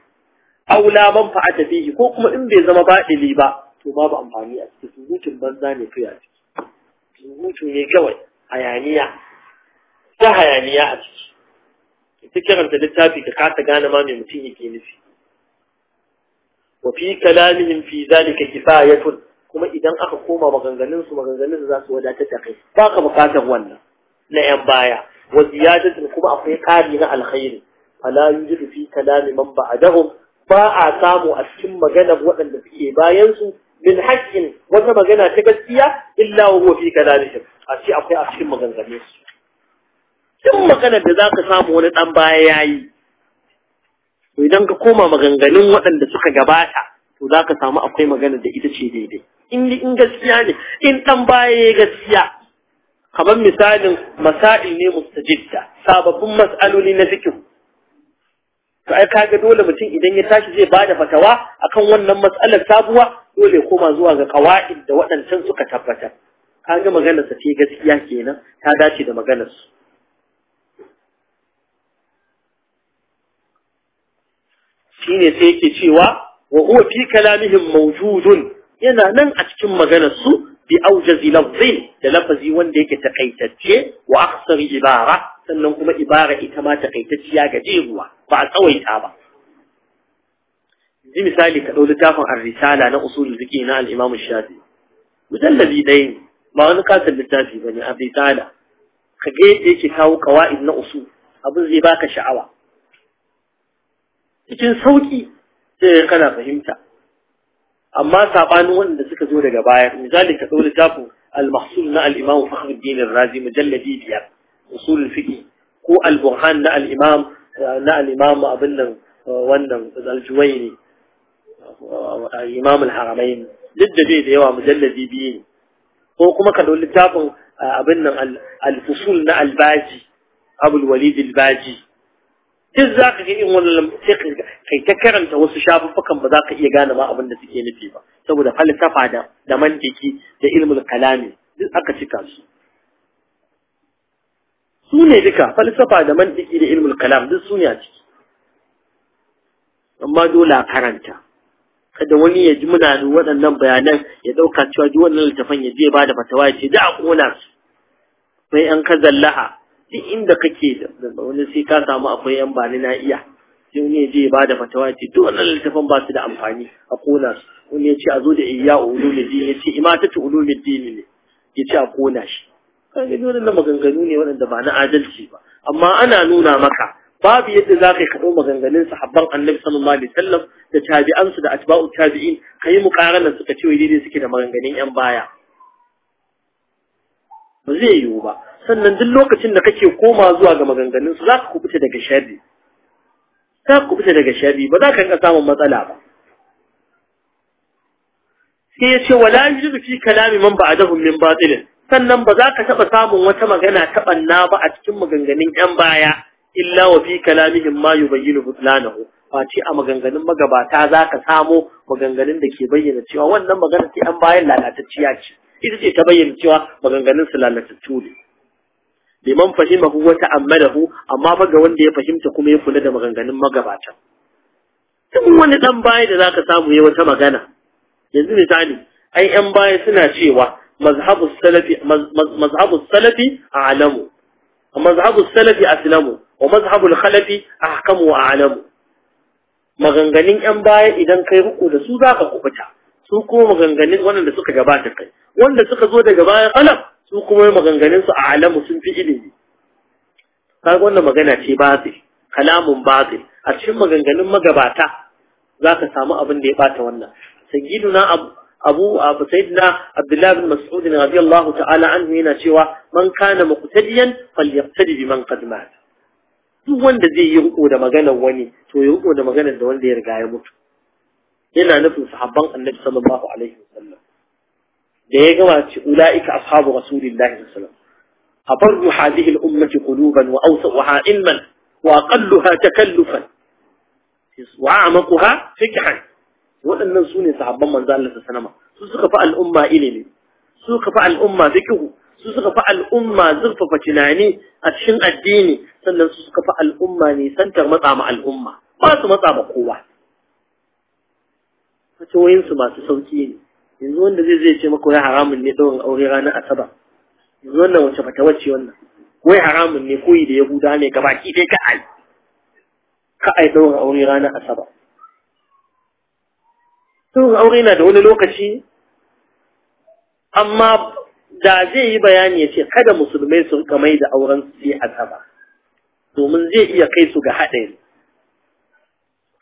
aula man fa'ata fihi ko kuma in bai zama badili ba to babu amfani a cikin surutun banza ne kai a ciki surutu ne kawai hayaniya ta hayaniya a ciki ita kiranta littafi ka kasa gane ma mai mutum yake nufi wa fi kalamihim fi zalika kifayatun kuma idan aka koma maganganun su maganganun su za su wadatar da kai ba ka bukatar wannan na yan baya wa ziyadatin kuma akwai ƙari na alkhairi ala yujidu fi kalami man ba'adahu ba a samu a cikin maganar waɗanda suke bayan su min haƙƙin wata magana ta gaskiya illa wa huwa fi kalamihim a ce akwai a cikin maganganun su duk maganar da zaka samu wani dan baya yayi to idan ka koma maganganun waɗanda suka gabata to zaka samu akwai magana da ita ce daidai in in gaskiya ne in dan baya ya gaskiya kamar misalin masail ne mustajidda sababbin mas'aloli na fikin to ai kaga dole mutum idan ya tashi zai bada fatawa akan wannan mas'alar sabuwa dole koma zuwa ga kawaid da waɗancan suka tabbatar kaga maganar sa ce gaskiya kenan ta dace da maganar su shine sai yake cewa wa huwa fi kalamihim mawjudun yana nan a cikin maganar su bi aujazi lafzi da lafazi wanda yake takaitacce wa aksar ibara sannan kuma ibara ita ma takaitacciya ga jeruwa ba a tsawaita ba ji misali ka ɗau littafin ar-risala na usul fiqh na al shafi mujalladi ɗaya ne ba wani katon littafi bane ar-risala ka ga yadda yake kawo kawa'id na usul abin zai baka sha'awa cikin sauki sai kana fahimta أما سابانون لسك زورة جباير لذلك تقول كابو المحصول نا الإمام فخر الدين الرازي مجلة جديدة أصول الفقه كو البرهان نا الإمام نا الإمام أبنن وانن الجويني الإمام الحرمين جدة جديدة هو مجلة جديدة هو كما كتقول كابو أبنن الفصول نا الباجي أبو الوليد الباجي duk za ka ga in wannan sai kai ta karanta wasu shafuffukan ba za ka iya gane ma abin da suke nufi ba saboda falsafa da da mantiki da ilmul kalami duk aka cika su su ne duka falsafa da mantiki da ilmul kalam duk su ne a ciki amma dole a karanta kada wani ya ji muna da waɗannan bayanan ya ɗauka cewa duk wannan littafan ya je ba da fatawa ya ce da a ƙona su sai an kazallaha duk inda kake da wani sai ka samu akwai yan bani na iya sai wani ya je ya bada fatawa ce duk wannan littafin ba su da amfani a kona su wani ya ce a zo da iya ulumuddin ya ce imatatu ulumuddin ne ya ce a kona shi kan ga wannan maganganu ne waɗanda ba na adalci ba amma ana nuna maka babu yadda za ka yi kaɗo maganganun sahabban annabi sallallahu alaihi wasallam da tabi'ansu da atba'u tabi'in ka yi muƙaranar suka ce wai daidai suke da maganganun yan baya ba zai yiwu ba sannan duk lokacin da kake koma zuwa ga maganganun su za ka kubuta daga sharri za ka kubuta daga ba za ka rika samun matsala ba sai ya ce wala yujidu fi kalami man ba'dahum min batilin sannan ba za ka taɓa samun wata magana ta ɓanna ba a cikin maganganun 'yan baya illa wa fi kalamihim ma yubayyinu butlanahu ba ce a maganganun magabata za ka samo maganganun da ke bayyana cewa wannan magana ta 'yan bayan lalatacciya ce ita ce ta bayyana cewa maganganun su lalatattu ne liman fahimahu wa ta'ammadahu amma fa ga wanda ya fahimta kuma ya kula da maganganun magabata tun wani ɗan baya da zaka samu ya wata magana yanzu misali ai yan baya suna cewa mazhabu salafi a salafi a'lamu mazhabu salafi aslamu wa mazhabu al-khalafi ahkamu wa a'lamu maganganun yan baya idan kai ruku da su zaka kubuta su kuma maganganun wanda suka gabata kai wanda suka zo daga bayan alam su kuma maganganin su a alamu sun fi ilimi kaga wannan magana ce batil kalamun batil a cikin maganganun magabata za ka samu abin da ya bata wannan sayyiduna abu abu abu sayyidina abdullahi bin mas'ud radiyallahu ta'ala anhu yana cewa man kana muqtadiyan falyaftadi biman qad mat duk wanda zai yi riko da maganar wani to ya riko da maganar da wanda ya riga ya mutu ina nufin sahabban annabi sallallahu alaihi wasallam da ya gama ci ulaiika ashabu rasulillahi sallallahu alaihi wasallam أبر هذه الأمة قلوبا وأوسعها وأقلها تكلفا وأعمقها فكحا وأن نسوني صعبا من ذلك السلام سوسك الأمة إليني سوسك الأمة ذكه سوسك الأمة زغف فتناني أتشن الديني سنن سوسك الأمة نيسان تغمطع مع الأمة ما تمطع بقوة fitowoyinsu masu sauki ne yanzu wanda zai zai ce maka wai haramun ne dawon aure ranar asaba yanzu wannan wace fata wacce wannan wai haramun ne koyi da yahuda ne gabaki dai ka ai ka ai dawon aure ranar asaba ɗaurin aure na da wani lokaci amma da zai yi bayani ya ce kada musulmai su rika mai da auren su yi asaba domin zai iya kai su ga haɗari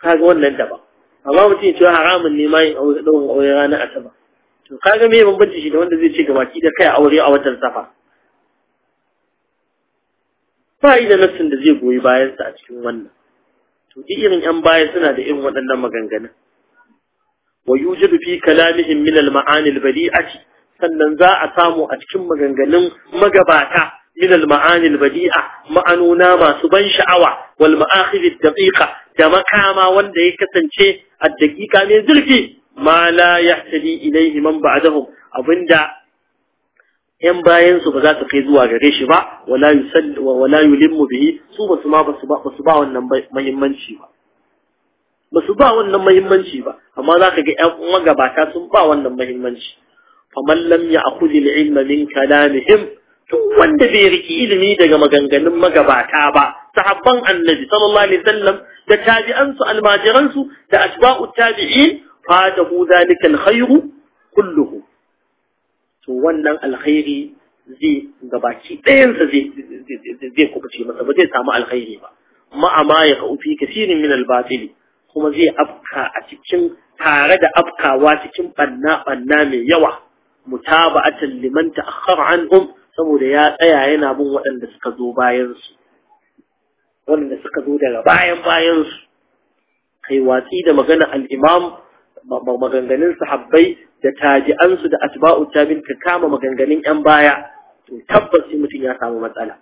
kaga wannan daban amma mutum ya ce haramun ne ma yin aure ranar asabar to kaga me bambanci shi da wanda zai ce gabaki da kai aure a watan safa ba yi da nassin da zai goyi bayansa a cikin wannan to duk irin yan baya suna da irin waɗannan maganganun wa yujidu fi kalamihim min al-ma'ani al bali'ati sannan za a samu a cikin maganganun magabata من المعاني البديئة معنونا ما سبان شعوة والمآخذ الدقيقة كما كاما وانده كتنشي الدقيقة من ذلك ما لا يحتدي إليه من بعدهم ابندا أبن دا هم باين سبغات قيدوا غريش با ولا يسل ولا يلم به سوبا سما بسبا بسبا وانم مهمان شيبا بسبا وانم مهمان شيبا أما ذاك يقول مغباتا سبا وانم مهمان شيبا فمن لم يأخذ العلم من كلامهم duk wanda bai riki ilimi daga maganganun magabata ba sahabban annabi sallallahu alaihi wasallam da tabi'ansu almajiransu da asba'u tabi'in fatahu zalika alkhairu kulluhu to wannan alkhairi zai gabaki ɗayansa zai kubuce masa ba zai samu alkhairi ba ma'ama ya kaufi kasirin min albatili kuma zai afka a cikin tare da afkawa cikin banna banna mai yawa mutaba'atan liman ta'akhkhara anhum saboda ya tsaya yana bin waɗanda suka zo bayansu waɗanda suka zo daga bayan bayansu kai watsi da magana al'imam maganganun sahabbai da taji'ansu da asba'u tabi'in ka kama maganganun 'yan baya to tabbas mutum ya samu matsala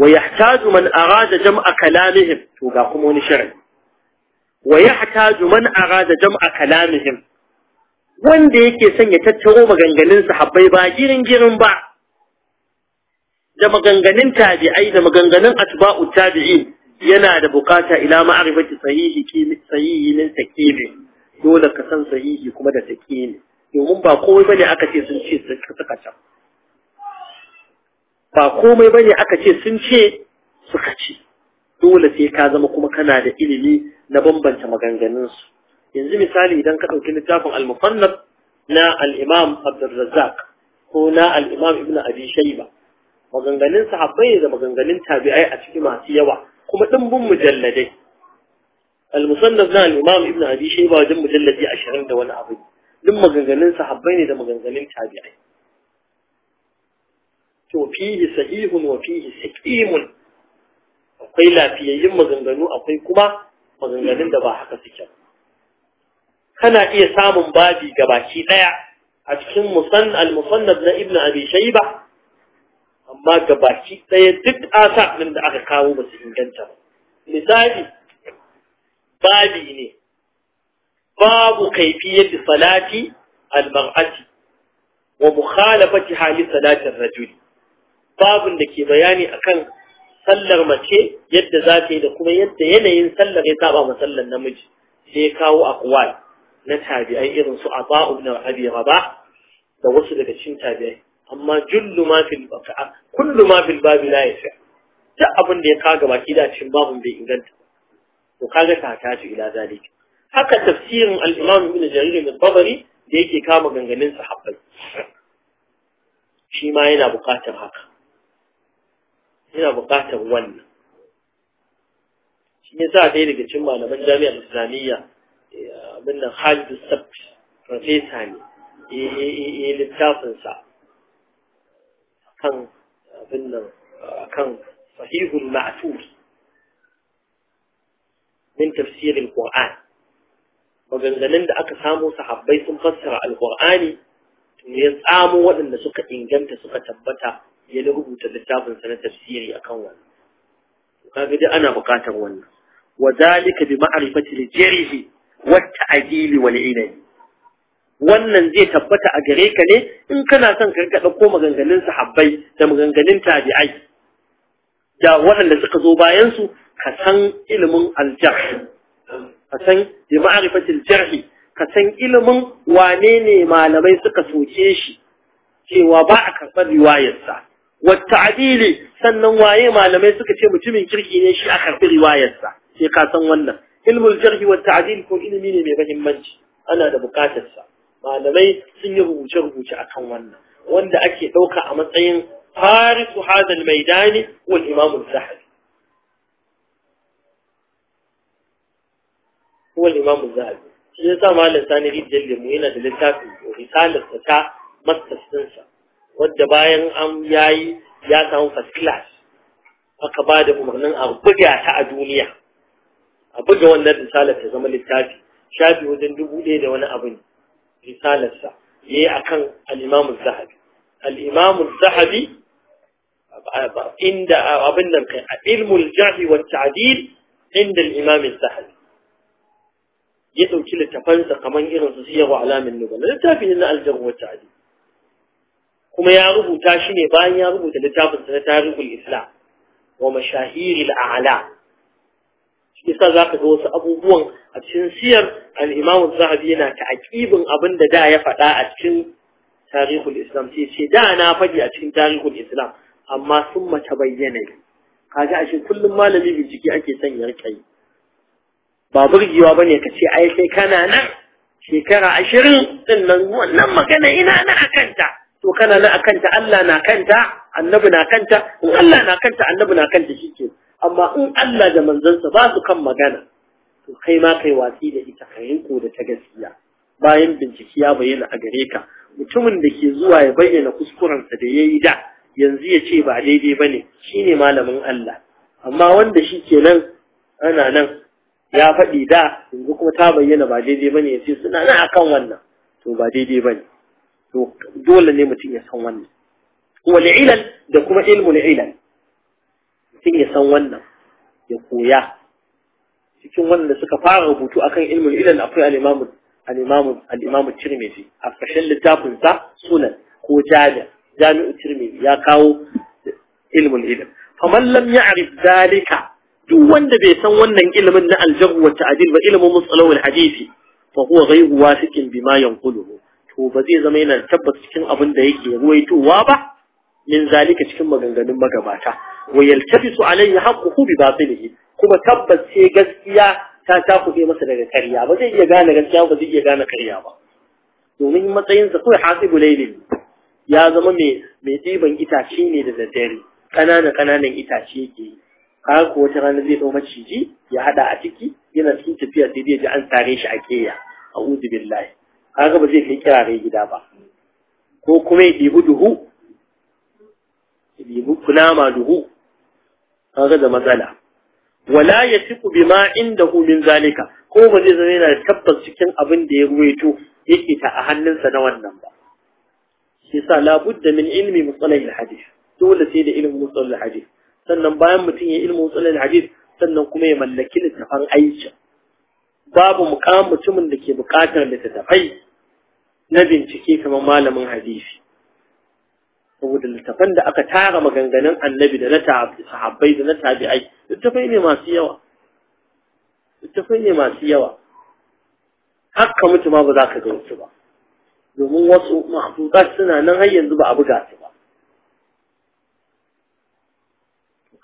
wa yahtaju man arada jam'a kalamihim to ga kuma wani sharadi wa yahtaju man arada jam'a kalamihim wanda yake son ya tattaro maganganun sahabbai ba girin girin ba da maganganun tabi'ai da maganganun atba'u tabi'in yana da bukata ila ma'arifati sahihi kimi sahihi min takimi dole ka san sahihi kuma da takimi domin ba komai bane aka ce sun ce suka ci ba komai bane aka ce sun ce suka ci dole sai ka zama kuma kana da ilimi na bambanta maganganun su yanzu misali idan ka ɗauki littafin al-musannaf na al-imam Abdurrazzaq ko na al-imam Ibn Abi Shayba maganganun sahabbai da maganganun tabi'ai a cikin masu yawa kuma dimbin mujalladai al-musannaf na al-imam Ibn Abi Shayba wajen mujalladi 20 da wani abu duk maganganun sahabbai ne da maganganun tabi'ai to fihi sahihun wa fihi siqimun akwai lafiyayyun maganganu akwai kuma maganganun da ba haka suke ba kana iya samun babi gabaki daya a cikin musan al na ibnu abi shayba amma gabaki daya duk asar din da aka kawo ba su inganta ba misali babi ne babu kaifi salati al-mar'ati wa mukhalafati hali salatin rajuli babun da ke bayani akan sallar mace yadda za ta yi da kuma yadda yanayin sallar ya saba ma sallar namiji sai ya kawo akwai na tabi'ai irin su ba'u na Abi raba da wasu daga cikin tabi'ai amma jullu ma fil baqa kullu ma fil babi la yasa ta abin da ya kaga baki da cikin babu bai inganta to kaga ta ta ci ila zalik haka tafsirin al-Imam Ibn Jarir ibn tabari da yake kama ganganin sahabbai shi ma yana buƙatar haka yana buƙatar wannan shi ne za a ɗaya daga cin malaman jami'ar islamiyya abin nan Khalid Sabt profesa ne eh littafin sa kan abin nan kan sahihul ma'thur min tafsir al-Qur'an maganganun da aka samu sahabbai sun fassara al-Qur'ani ya tsamo waɗanda suka inganta suka tabbata ya rubuta littafin sa na tafsiri akan wannan kaga dai ana buƙatar wannan wa zalika bi ma'rifati li jarihi wata adili wal inabi wannan zai tabbata a gare ka ne in kana son ka rika ɗauko maganganun sahabbai da maganganun tabi'ai da waɗanda suka zo bayan su ka san ilimin aljarh ka san bi ma'rifatil jarh ka san ilimin wane ne malamai suka soke shi cewa ba a karɓar riwayarsa wata adili sannan waye malamai suka ce mutumin kirki ne shi a karɓi riwayarsa sai ka san wannan ilmul jarhi wa ta'dil ko ilimi ne mai muhimmanci ana da bukatar sa malamai sun yi rubuce rubuce akan wannan wanda ake dauka a matsayin farisu hadha al wal imam az-zahabi huwa imam az-zahabi shi yasa malam sani rijal mu yana da littafin risalar ta masters ɗinsa wadda bayan an yayi ya samu first class aka ba da umarnin a buga ta a duniya a buga wannan risalar ta zama littafi shafi wajen dubu ɗaya da wani abu ne risalarsa ya yi a kan al'imamun zahabi al'imamun zahabi inda abin nan kai a ilmul jahi wa ta'dil inda al'imamin zahabi ya ɗauki littafansa kamar irin su siyarwa alamin nubala littafi ne na aljar wa ta'dil kuma ya rubuta shi ne bayan ya rubuta littafinsa na tarihul islam wa mashahiril a'la shi yasa za ka ga wasu abubuwan a cikin siyar al-imamu zahabi yana ta'aqibin abin da da ya faɗa a cikin tarihul islam sai ce da na faɗi a cikin tarihul islam amma sun mata bayyana kaga cikin kullum malami bincike ake son ya rika yi ba burgewa bane ka ce ai sai kana nan shekara ashirin din nan wannan magana ina na akanta to kana nan akanta Allah na kanta annabi na kanta Allah na kanta annabi na kanta amma in Allah da manzansa ba su kan magana to kai ma kai watsi da ita ka ko da ta gaskiya bayan bincike ya bayyana a gare ka mutumin da ke zuwa ya bayyana kuskurensa da ya yi da yanzu ya ce ba daidai ba ne shi ne malamin Allah amma wanda shi ke nan ana nan ya faɗi da yanzu kuma ta bayyana ba daidai ba ne ya ce suna nan akan wannan to ba daidai ba ne to dole ne mutum ya san wannan wal ilal da kuma ilmul ilal sun ya san wannan ya koya cikin wanda suka fara rubutu akan ilmin ilan akwai al-imamu al-imamu al-imamu tirmidhi a kashin littafin sa sunan ko jami jami'u tirmidhi ya kawo ilmin ilan faman lam ya'rif dalika duk wanda bai san wannan ilimin na al-jarh wa ta'dil wa ilmu musalahu al-hadisi fa huwa ghayru wasiqin bima yanquluhu to ba zai zama yana tabbata cikin abin da yake ruwaitowa ba min zalika cikin maganganun magabata wa yaltafisu alayhi haqquhu bi batilihi kuma tabbas sai gaskiya ta takuɗe masa daga karya. ba zai iya gane gaskiya ba zai iya gane ƙarya ba domin matsayinsa kawai hasibu lailin ya zama mai mai ɗiban itace ne da daddare ƙananan ƙananan itace yake yi kaga ko wata rana zai zama maciji ya haɗa a ciki yana cikin tafiya sai dai ji an tare shi a keya a uzu billahi kaga ba zai kai kirare gida ba ko kuma ya ɗibi duhu ya ɗibi kunama duhu kaga matsala wala yatiqu bima indahu min zalika ko ba zai zama yana tabbas cikin abin da ya ruwaito yake ta a hannunsa na wannan ba shi yasa labudda min ilmi musallah alhadith dole sai da ilmi musallah alhadith sannan bayan mutun ya ilmi musallah alhadith sannan kuma ya mallaki littafan aiki babu mukamin mutumin da ke bukatar littafai na bincike kamar malamin hadisi saboda littafan da aka tara maganganun annabi da na sahabbai da na tabi'ai littafai ne masu yawa littafai ne masu yawa haka mutu ma ba za ka ga wasu ba domin wasu mahfudat suna nan har yanzu ba a buga su ba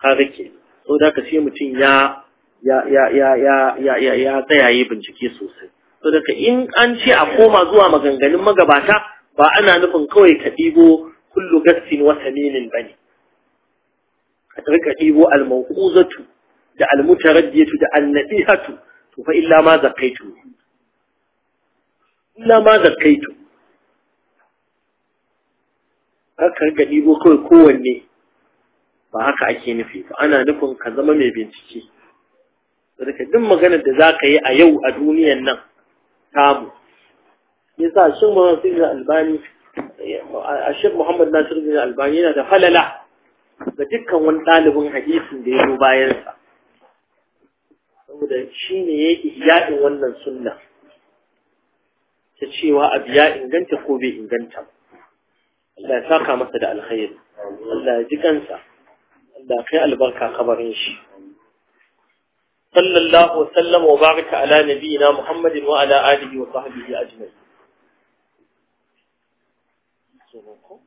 kare ke da ka sai mutum ya ya ya ya ya bincike sosai sau da ka in an ce a koma zuwa maganganun magabata ba ana nufin kawai ka ɗibo kullu gassin وثمين بني bane ka rika ɗibo almanquzatu da almutaraddiyatu da ما to fa illa ma zakaitu illa ma zakaitu haka ɗibo kawai kowanne ba haka ake nufi ba ana nufin ka zama mai bincike rika duk maganar da za yi a yau a duniyan nan tamu yasa shin ma sai albani Ashir Muhammad Nasir bin Albani yana da falala ga dukkan wani ɗalibin hadisin da ya zo bayansa. Saboda shi ne ya yi iyaɗin wannan sunna ta cewa abu ya inganta ko bai inganta. Allah ya saka masa da alkhairi, Allah ya ji kansa, Allah kai albarka kabarin shi. Sallallahu wa sallama wa baraka ala nabiyina Muhammadin wa ala alihi wa sahbihi ajma'in. loco.